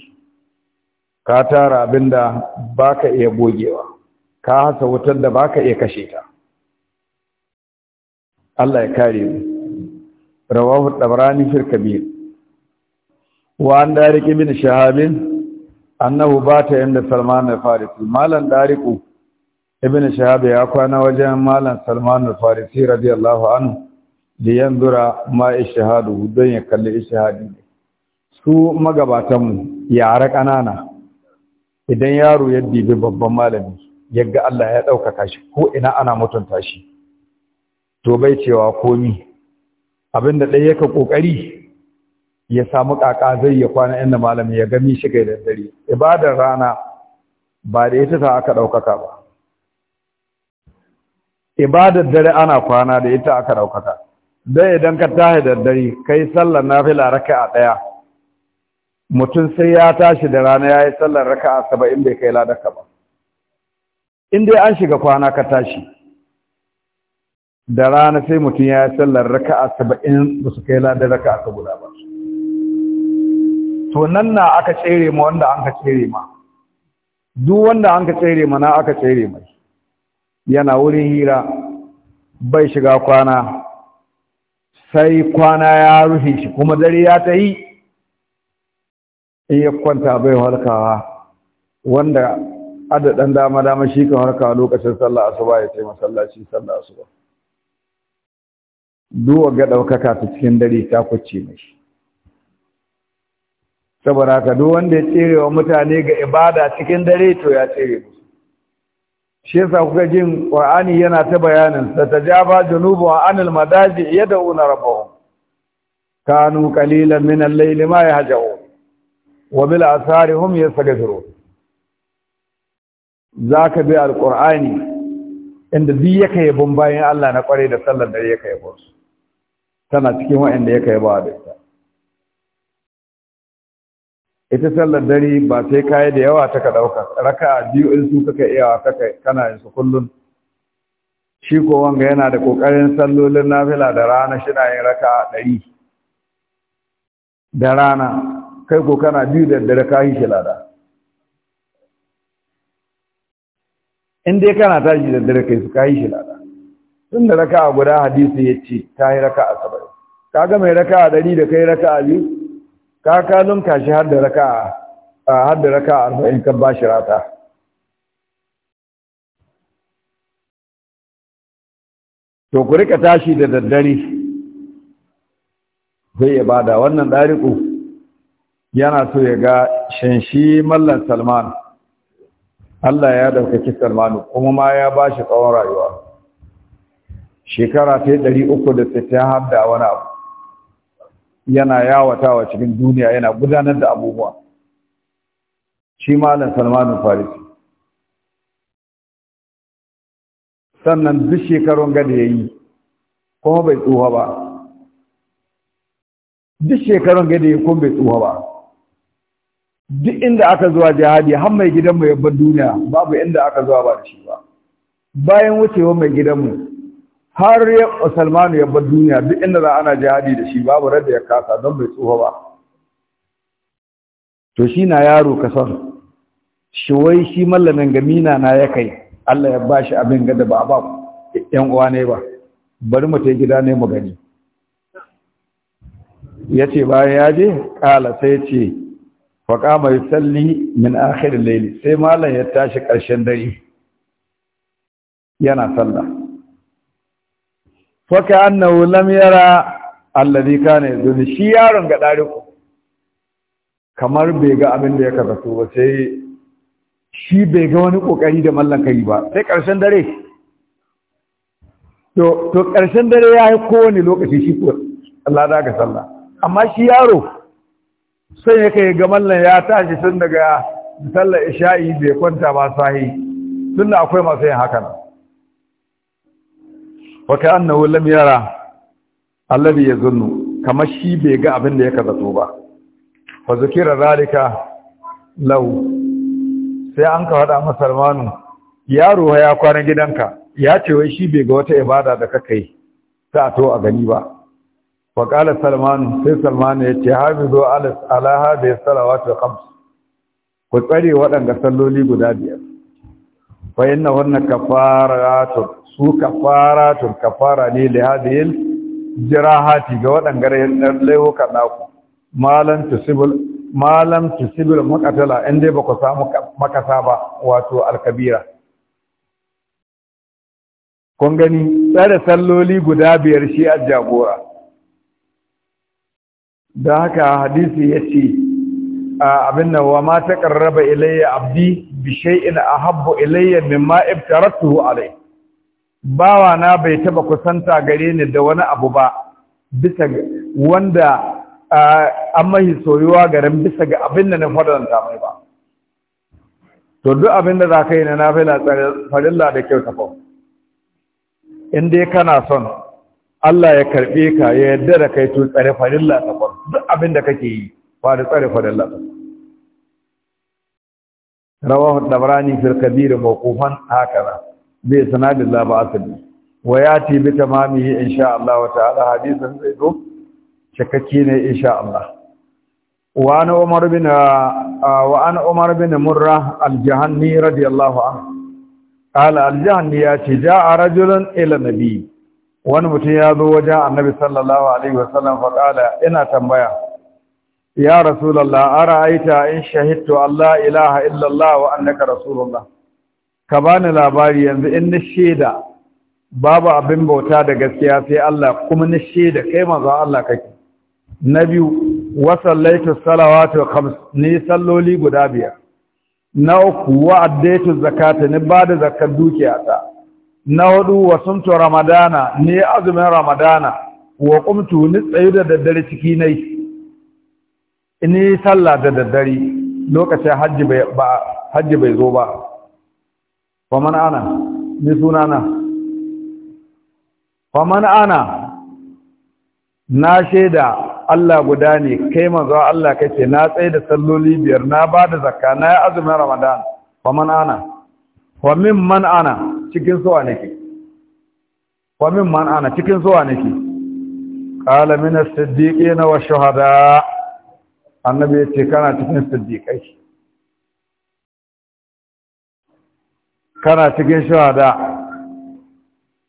ka tara abin da ba ka iya gogewa ka hasa wutar da ba ka iya kashe ta Allah ya kare mu rawahu dabrani fil kabir wa an dariki min shahabin annahu bata inda Salman al-Farisi malan dariku ibn Shahab ya kwana wajen malan Salman al-Farisi radiyallahu anhu da yanzura ma Shahadu don ya kalli ishhadi su magabatan mu yara kanana idan yaro ya dibi babban malami yadda Allah ya ɗaukaka shi ko ina ana mutunta shi to bai cewa komi abinda ɗaya yake ƙoƙari. ya samu kaka zai ya kwana inda malami ya gami shi da daddare ibadar rana ba da ita ta aka ɗaukaka ba ibadar dare ana kwana da ita aka ɗaukaka Zai idan ka tashi da dare kai sallar nafila raka'a ɗaya mutum sai ya tashi da rana ya yi sallar raka'a saba'in bai kai ladaka ba in dai an shiga kwana ka tashi da rana sai mutum ya yi sallar raka'a saba'in ba su kai ladar raka'a ta guda ba su to nan na aka tsere ma wanda an ka tsere ma duk wanda an ka tsere ma na aka tsere mai yana wurin hira bai shiga kwana sai kwana ya rufe shi kuma dare ya ta yi in ya kwanta bai harkawa wanda adadin dama dama shi ka harkawa lokacin sallah asuba ya ce masallaci sallah asuba duwa ga ɗaukaka ta cikin dare ta kwace mai saboda ka duk wanda ya cire wa mutane ga ibada cikin dare to ya cire. musu shi yasa kuka jin qur'ani yana ta bayanin a junubu anil madaji yad'una rabbahum kanu qalilan min al-layli ma yahjaun wa bil asari hum yastaghfirun zaka bi al-qur'ani inda bi yake yabon bayan Allah na kware da sallar dare yake yabo tana cikin wa'anda yake yabo da ita sallar dare ba sai kayi da yawa ta ka ɗauka raka a biyu in su kaka iyawa kaka kana yin su kullum shi ko wanga yana da ƙoƙarin sallolin nafila da rana shida yin raka ɗari da rana kai ko kana biyu da dare ka yi lada in dai kana tashi da dare kai su ka yi lada tun da raka guda hadisi ya ce ta yi raka a Ka kaga mai raka a ɗari da kai raka a biyu ka ka shi har da raka har da raka arba'in kan bashi rata to ku rika tashi da daddare zai ibada wannan dariku yana so ya ga shanshi mallan salman Allah ya daukaki salmanu kuma ma ya ba shi tsawon rayuwa shekara ta 360 har da wani abu yana yawata wa cikin duniya yana gudanar da abubuwa shi malam Salmanu farisi sannan duk shekarun gada ya yi kuma bai tsuha ba duk shekarun gada ya yi kuma bai tsuha ba duk inda aka zuwa jihadi har mai gidanmu yabban duniya babu inda aka zuwa ba da shi ba bayan wucewa mai gidanmu har ya ya bar duniya duk inda za ana jihadi da shi babu radda ya kasa don bai tsoho ba to shi na yaro kasan shi wai shi mallamin gamina na ya kai Allah ya bashi abin gada ba ba yan uwa ne ba bari mu ta gida ne mu gani yace bayan ya je kala sai ce fa kama yusalli min akhir al-layl sai mallan ya tashi karshen dare yana sallah faka annahu lam yara allazi kana yanzu shi yaron ga ku kamar bai ga abin da ya karatu ba sai shi bai ga wani kokari da mallan kai ba sai karshen dare to to karshen dare yayi kowane lokaci shi ko Allah da ga sallah amma shi yaro sai ya kai ga mallan ya tashi tun daga sallar isha'i bai kwanta ba sahi tunda akwai masu yin hakan wa ka annahu lam yara ya zunnu. kamar shi bai ga abin da ka zato ba wa zukira zalika lau sai an ka faɗa masa Salmanu yaro ya kwana gidanka ya ce wai shi bai ga wata ibada da ka kai ta to a gani ba wa qala Salmanu sai Salmanu ya ce hafizu ala ya hadhihi salawatu khams ku tsare waɗanda salloli guda biyar fa inna hunna kafaratun su kafara tun kafara ne li hadil jirahati ga waɗannan laihuka naku malam tusibul malam tusibul makatala inde ba ku samu makasa ba wato alkabira kun gani tsare salloli guda biyar shi a jagora da haka hadisi ya ce abin nan wa ma ta ilayya abdi bi shay'in ahabbu ilayya mimma iftaratuhu alayhi bawa na bai taba kusanta gare ni da wani abu ba bisa wanda an mahi soyuwa garin bisa ga abin da na faranta mai ba to duk abin da za ka yi na nafila farilla da kyau ta fau in dai kana son Allah ya karɓe ka ya yarda da kai to tsare farilla ta duk abin da kake yi ba da tsare farilla ta fau rawahu dabrani fil kabir mawqufan na. bai sanadin la ba asali wa yati bi tamamihi insha Allah wa ta'ala hadisin zai zo cikakke ne insha Allah wa ana umar bin wa ana umar bin murra al-jahanni radiyallahu anhu qala al-jahanni ya ce ja'a rajulun ila nabi wani mutum ya zo wajen annabi sallallahu alaihi wasallam fa qala ina tambaya ya rasulullah ara'aita in shahidtu alla ilaha illa allah wa annaka rasulullah ka bani labari yanzu in na shaida babu abin bauta da gaskiya sai Allah kuma na shaida kai manzo Allah kake na biyu wa sallaitu salawatu khams ni salloli guda biyar na uku wa addaitu zakata ni bada zakar dukiyata na hudu wa sumtu ramadana ni azumin ramadana wa qumtu ni tsayu da daddare ciki nai ni sallah da daddare lokacin hajji bai ba hajji bai zo ba faman ana ni sunana faman ana na shaida Allah guda ne kai manzo Allah kace na tsaye da salloli biyar na bada zakka na yi azumin Ramadan faman ana wa min man ana cikin suwa nake wa min man ana cikin suwa nake qala min as-siddiqina wash-shuhada annabi ce kana cikin siddiqai kana cikin shahada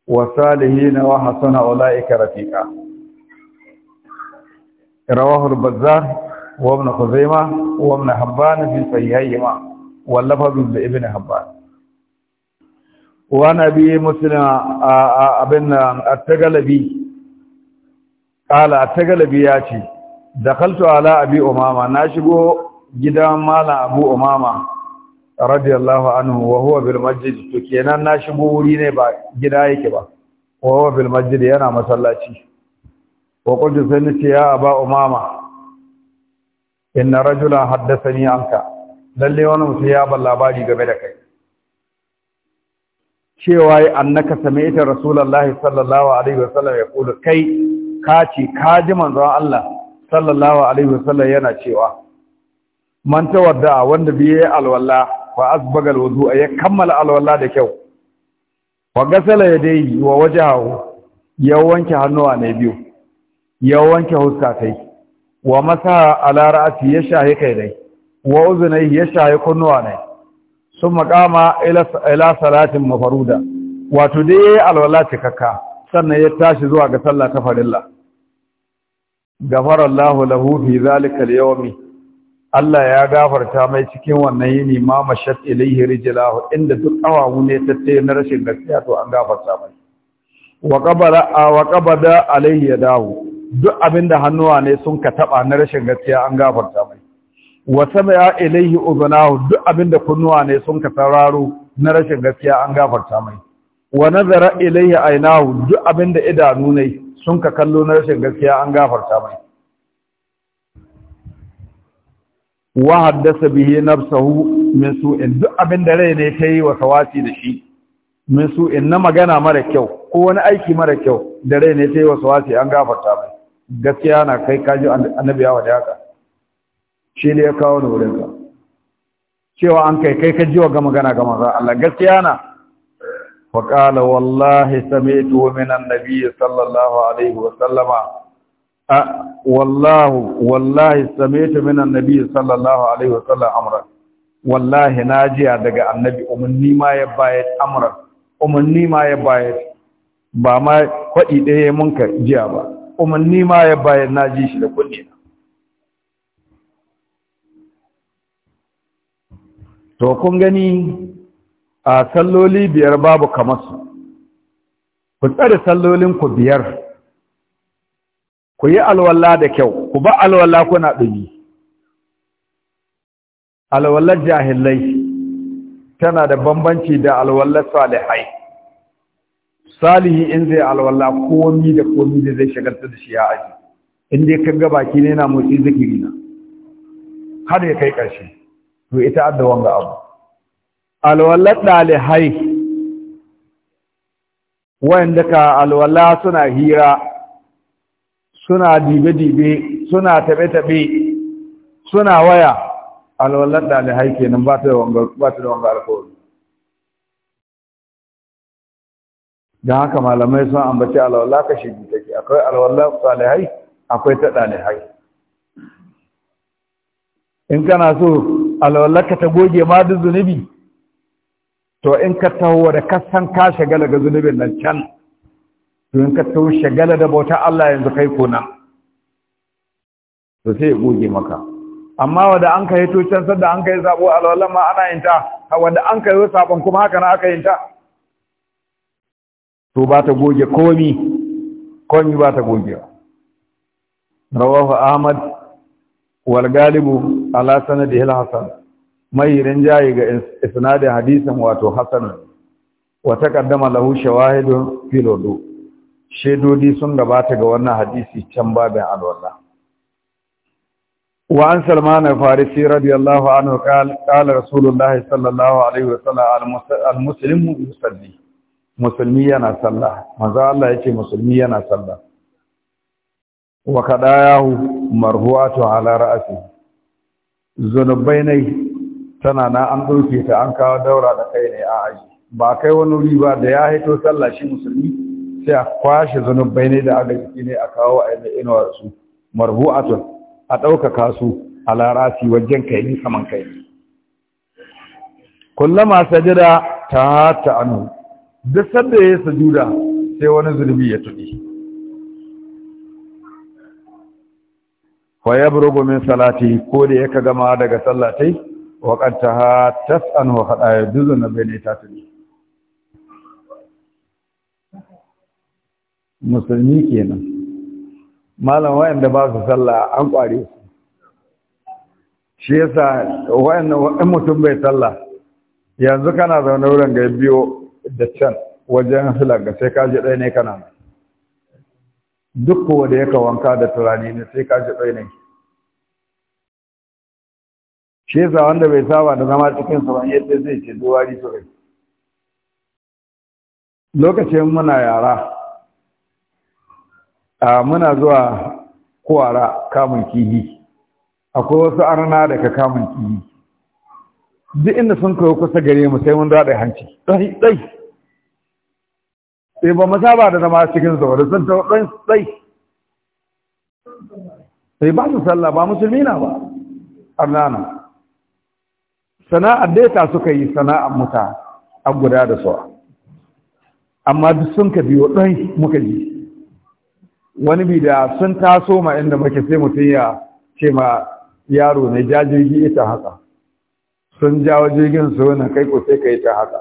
wa salihina wa hasana ulaika rafiqa rawahu al-bazzar wa ibn khuzaimah wa ibn hibban fi sahihayhima wa lafadhu li ibn hibban wa nabi muslim abin at-tagalabi qala at-tagalabi ya ce dakhaltu ala abi umama na shigo gidan malam abu umama radiyallahu anhu wa huwa bil masjid to kenan na shigo wuri ne ba gida yake ba wa huwa bil masjid yana masallaci wa qultu sai ce ya aba umama inna rajula haddathani anka lalle wani mutum ya ba labari game da kai cewa ai annaka sami'ta rasulullahi sallallahu alaihi wasallam ya kula kai ka ce ka ji manzon Allah sallallahu alaihi wasallam yana cewa man tawadda wanda biye alwala fa asbagal wudu'a ya kammala alwala da kyau wa gasala yadayhi wa wajhahu ya wanke hannuwa ne biyu ya wanke huska kai. wa masa ala ra'si ya shahi kai dai wa uzunai ya shahi kunnuwa ne summa qama ila ila salatin mafaruda wato dai alwala cikakka sannan ya tashi zuwa ga sallah ta farilla gafarallahu lahu fi zalika alyawmi Allah ya gafarta mai cikin wannan yini ma mashat ilaihi rijlahu inda duk awawu ne tatte na rashin gaskiya to an gafarta mai wa qabara wa qabada alaihi yadahu duk abinda hannuwa ne sun ka taba na rashin gaskiya an gafarta mai wa sami'a ilaihi udhunahu duk abinda kunnuwa ne sun ka sauraro na rashin gaskiya an gafarta mai wa nazara ilaihi ainahu duk abinda idanu ne sun ka kallo na rashin gaskiya an gafarta mai wa haddasa bihi nafsahu min su'in duk abin da rai ne ta yi wa tawasi da shi min su'in na magana mara kyau ko wani aiki mara kyau da rai ne ta yi wa tawasi. an gafarta mai gaskiya na kai kaji annabi ya wada ka. shi ne ya kawo ni ka. cewa an kai kai ka wa ga magana ga manzo Allah gaskiya na fa qala wallahi sami'tu min annabi sallallahu alaihi wa sallama wallahu wallahi sami'tu min annabi sallallahu alaihi wasallam amran wallahi najiya daga annabi umanni ma ya bayar amran umanni ma ya bayar ba ma kwadi ɗaya mun ka jiya ba umanni ma ya bayar naji shi da kunni to kun gani a salloli biyar babu kamar su ku tsare sallolin ku biyar ku yi alwala da kyau ku ba alwala kuna ɗumi alwalar jahilai tana da bambanci da alwalar salihai salihi in zai alwala komi da komi da zai shagarta da shi ya aji in dai kan gabaki ne na motsi zikiri na har ya kai ƙarshe to ita adda wanga abu alwalar ɗalihai wayanda ka alwala suna hira suna dibe-dibe suna taɓe-taɓe suna waya alwallar haike kenan ba ta da wanga alkawari don haka malamai sun ambaci alwallar ka shi take akwai alwallar ɗalihai akwai ta haike in kana so alwallar ka ta goge ma duk zunubi to in ka taho da kasan ka shagala ga zunubin nan can in ka tau shagala da bauta Allah yanzu kai kuna to sai ya goge maka amma wanda an ka yi can sadda an yi sabo alwalan ma ana yin ta wanda an yi sabon kuma haka na aka yin ta to ba ta goge komi komi ba ta goge rawahu ahmad wal galibu ala Sanadi hil hasan mai rinjaye ga isnadin hadisin wato hasan wa taqaddama lahu shawahidun fil wudu' shaidodi sun gabata ga wannan hadisi can babin alwala wa an salman al-farisi radiyallahu anhu qala rasulullahi sallallahu alaihi wa sallam al-muslimu yusalli musulmi yana sallah manzo Allah yace musulmi yana sallah wa kadayahu marhuatu ala ra'si zunubai tana na an dauke ta an kawo daura da kai ne a aji ba kai wani riba da ya hito sallah shi musulmi sai a kwashe bai ne da aka jiki ne a kawo a yi inuwar su marbu a ɗaukaka su a larasi wajen kai ni saman kai kullama sajada ta ta anu duk sanda ya yi sujuda sai wani zunubi ya tuɗi Wa ya yabrugu min salati ko da ya ka gama daga sallatai wa qad ta tasanhu hada bai ne ta tuɗi musulmi kenan malam wayanda ba su sallah an kware su shi yasa wayannan mutum bai sallah yanzu kana zaune wurin ga biyo da can wajen ga sai ka ji ɗaya ne kana duk kowa da yaka wanka da turani ne sai ka ji ɗaya ne shi yasa wanda bai saba da zama cikin su ban yadda zai ce duwari sosai lokacin muna yara a muna zuwa kowara kamun kihi akwai wasu arna daga kamun kihi duk inda sun kawo kusa gare mu sai mun da hanci ɗai ɗai sai eh, ba mu saba da zama cikin zuwa da sun tawo ɗan ɗai sai ba su sallah ba musulmi na ba arna sana'ar daita suka yi sana'ar muta a guda da su amma duk sun ka biyo ɗai muka ji wani bi da sun taso ma inda muke sai mutum ya ce ma yaro ne ja jirgi ita haka sun jawo jirgin su wani kai ko sai ka yi ta haka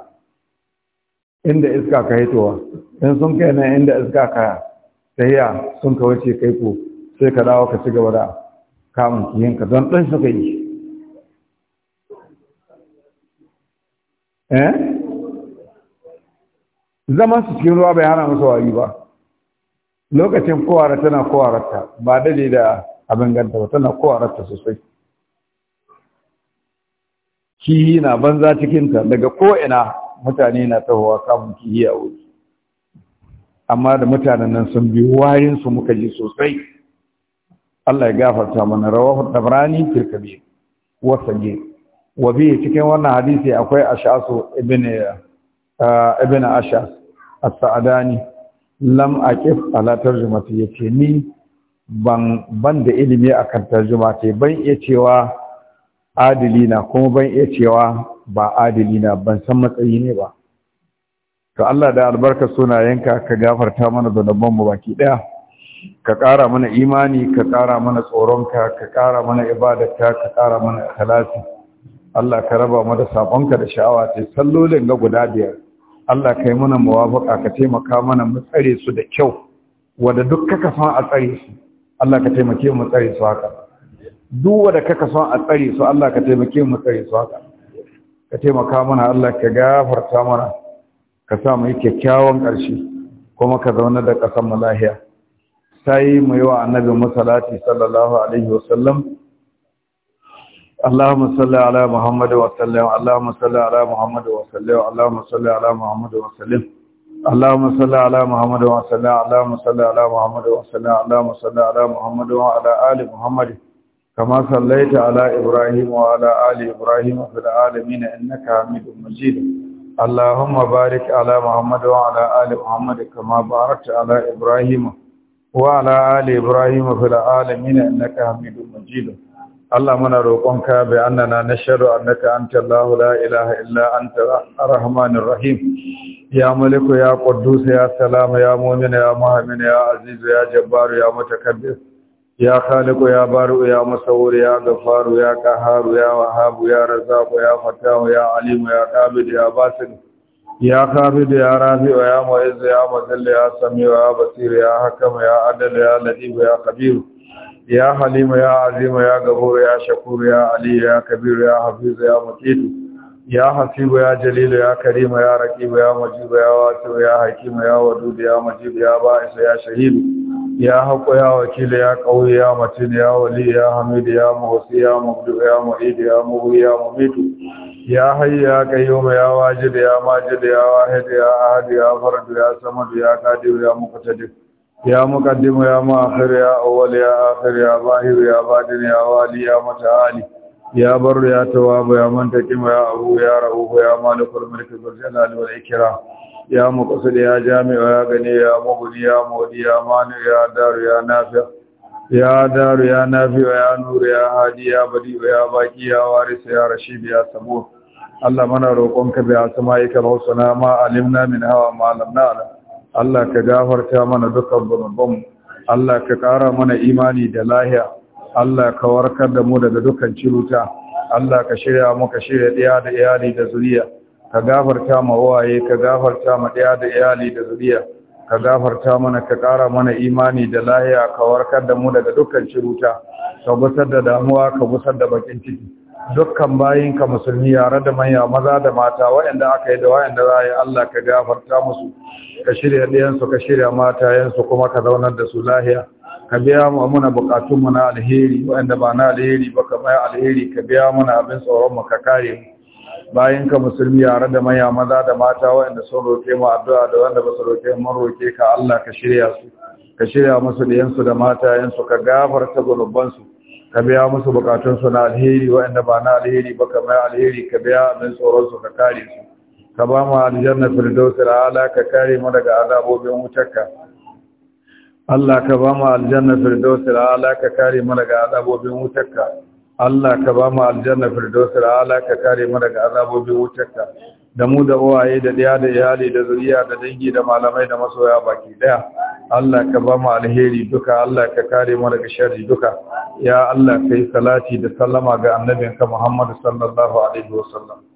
inda iska ka hitowa in sun kai nan inda iska ka tahiya sun ka wuce kai ko sai ka dawo ka ci gaba da kamun kiyanka don ɗan suka yi eh zaman su cikin ruwa bai hana musu wari ba lokacin kowara tana kowararta ba dade da abin ganta ba tana kowararta sosai kihi na banza cikinta daga ko'ina mutane na tahowa kamun kihi a wuri amma da mutanen nan sun biyu wayinsu muka ji sosai Allah ya gafarta mana rawa dabrani fil kabir wa wa biyu cikin wannan hadisi akwai ashasu ibn eh, ibn ashas as-sa'dani lam aqif ala tarjumati yace ni ban ban da ilimi akan tarjuma ce ban iya cewa adili na kuma ban iya cewa ba adili na ban san matsayi ne ba to Allah da albarka sunayenka ka gafarta mana zunuban mu baki daya ka kara mana imani ka kara mana tsoronka ka kara mana ibadarka ka kara mana ikhlasi Allah ka raba mu da sabonka da sha'awa sai sallolin ga guda biyar Allah kai mana muwafaka ka taimaka mana mu tsare su da kyau wanda duk kaka son a tsare su Allah ka taimake mu tsare su haka duk wanda kaka son a tsare su Allah ka taimake mu tsare su haka ka taimaka mana Allah ka gafarta mana ka sa mu yi kyakkyawan ƙarshe kuma ka zauna da ƙasar mu lahiya sai mu yi wa annabi masalati sallallahu alaihi wasallam اللهم صل على محمد وسلم اللهم صل على محمد وسلم اللهم صل على محمد وسلم اللهم صل على محمد وسلم اللهم صل على محمد وسلم اللهم صل على محمد وعلى ال محمد كما صليت على ابراهيم وعلى ال ابراهيم في العالمين انك حميد مجيد اللهم بارك على محمد وعلى ال محمد كما باركت على ابراهيم وعلى ال ابراهيم في العالمين انك حميد مجيد Allah muna roƙonka bai annana na sharu annaka anta tallahu la ilaha illa anta rahmanin rahim ya maliku ya quddus ya salama ya Mumina ya muhammin ya Azizu ya jabbaru ya mutakabbir ya khaliku ya baru ya musawwir ya ghafaru ya qaharu ya wahabu ya razzaqu ya fatahu ya alimu ya qabid ya basit Ya خابد ya رافع ya معز ya مذل ya sami ya بصير ya حكم ya عدل ya لطيف ya Kabiru. ya halima ya azima ya gaboro ya shakuru ya aliyu ya kabiru ya hafizu ya makidu ya hasibu ya jalilu ya karima ya rakibu ya majibu ya wasu ya hakimu ya wadudu ya majibu ya ba'isa ya shahidu ya haƙo ya wakili ya ƙauyi ya matin ya wali ya hamidu ya mahusi ya mabdu ya muhidu ya muhu ya mumitu ya hayyu ya kayyumu ya wajidu ya majidu ya wahidu ya ahadu ya fardu ya samadu ya kadiru ya muqtadir يا مقدم يا مؤخر يا أول يا آخر يا ظاهر يا باطن يا والي يا متعالي يا بر يا تواب يا منتقم يا أبو يا رؤوف يا مالك الملك ذو الجلال والإكرام يا مقصد يا جامع يا غني يا مغني يا مودي يا مانع يا دار يا نافع يا دار يا نافع يا نور يا هادي يا بديع يا باقي يا وارث يا رشيد يا صبور اللهم انا روقك بأسمائك الحسنى ما علمنا منها وما لم نعلم Allah ka gafarta mana dukkan zunubanmu Allah ka ƙara mana imani da lahiya Allah ka warkar da mu daga dukkan ciruta Allah ka shirya muka shirya ɗaya da iyali da zuriya ka gafarta ma waye ka gafarta ma ɗaya da iyali da zuriya ka gafarta mana ka ƙara mana imani da lahiya ka warkar da mu daga dukkan ciruta ka gusar da damuwa ka gusar da bakin ciki dukkan bayinka musulmi yare da manya maza da mata wa'anda aka yi da wa'anda za a yi Allah ka gafarta musu ka shirya ɗayansu ka shirya matayensu kuma ka zaunar da su lahiya ka biya mu muna bukatun na alheri wa'anda ba na alheri ba ka baya alheri ka biya muna abin tsoron mu ka kare mu bayan ka musulmi yare da manya, maza da mata wa'anda sun roƙe mu addu'a da wanda ba su roƙe mu roƙe ka Allah ka shirya su ka shirya musu da yansu da matayensu ka gafarta gunubansu ka biya musu bukatunsu na alheri waɗanda ba na alheri ba ka mai alheri ka biya abin tsoronsu ka kare su ka ba mu aljanna firdausi ala ka kare mu daga azabobin wutarka Allah ka ba mu aljanna firdausi ala ka kare mu daga azabobin wutarka Allah ka ba mu aljanna firdausi ala ka kare mu daga azabobin wutarka da mu da uwaye da ɗaya da iyali da zuriya da dangi da malamai da masoya baki daya Allah ka ba mu alheri duka Allah ka kare mu daga sharri duka ya Allah kai salati da sallama ga annabinka Muhammad sallallahu alaihi wasallam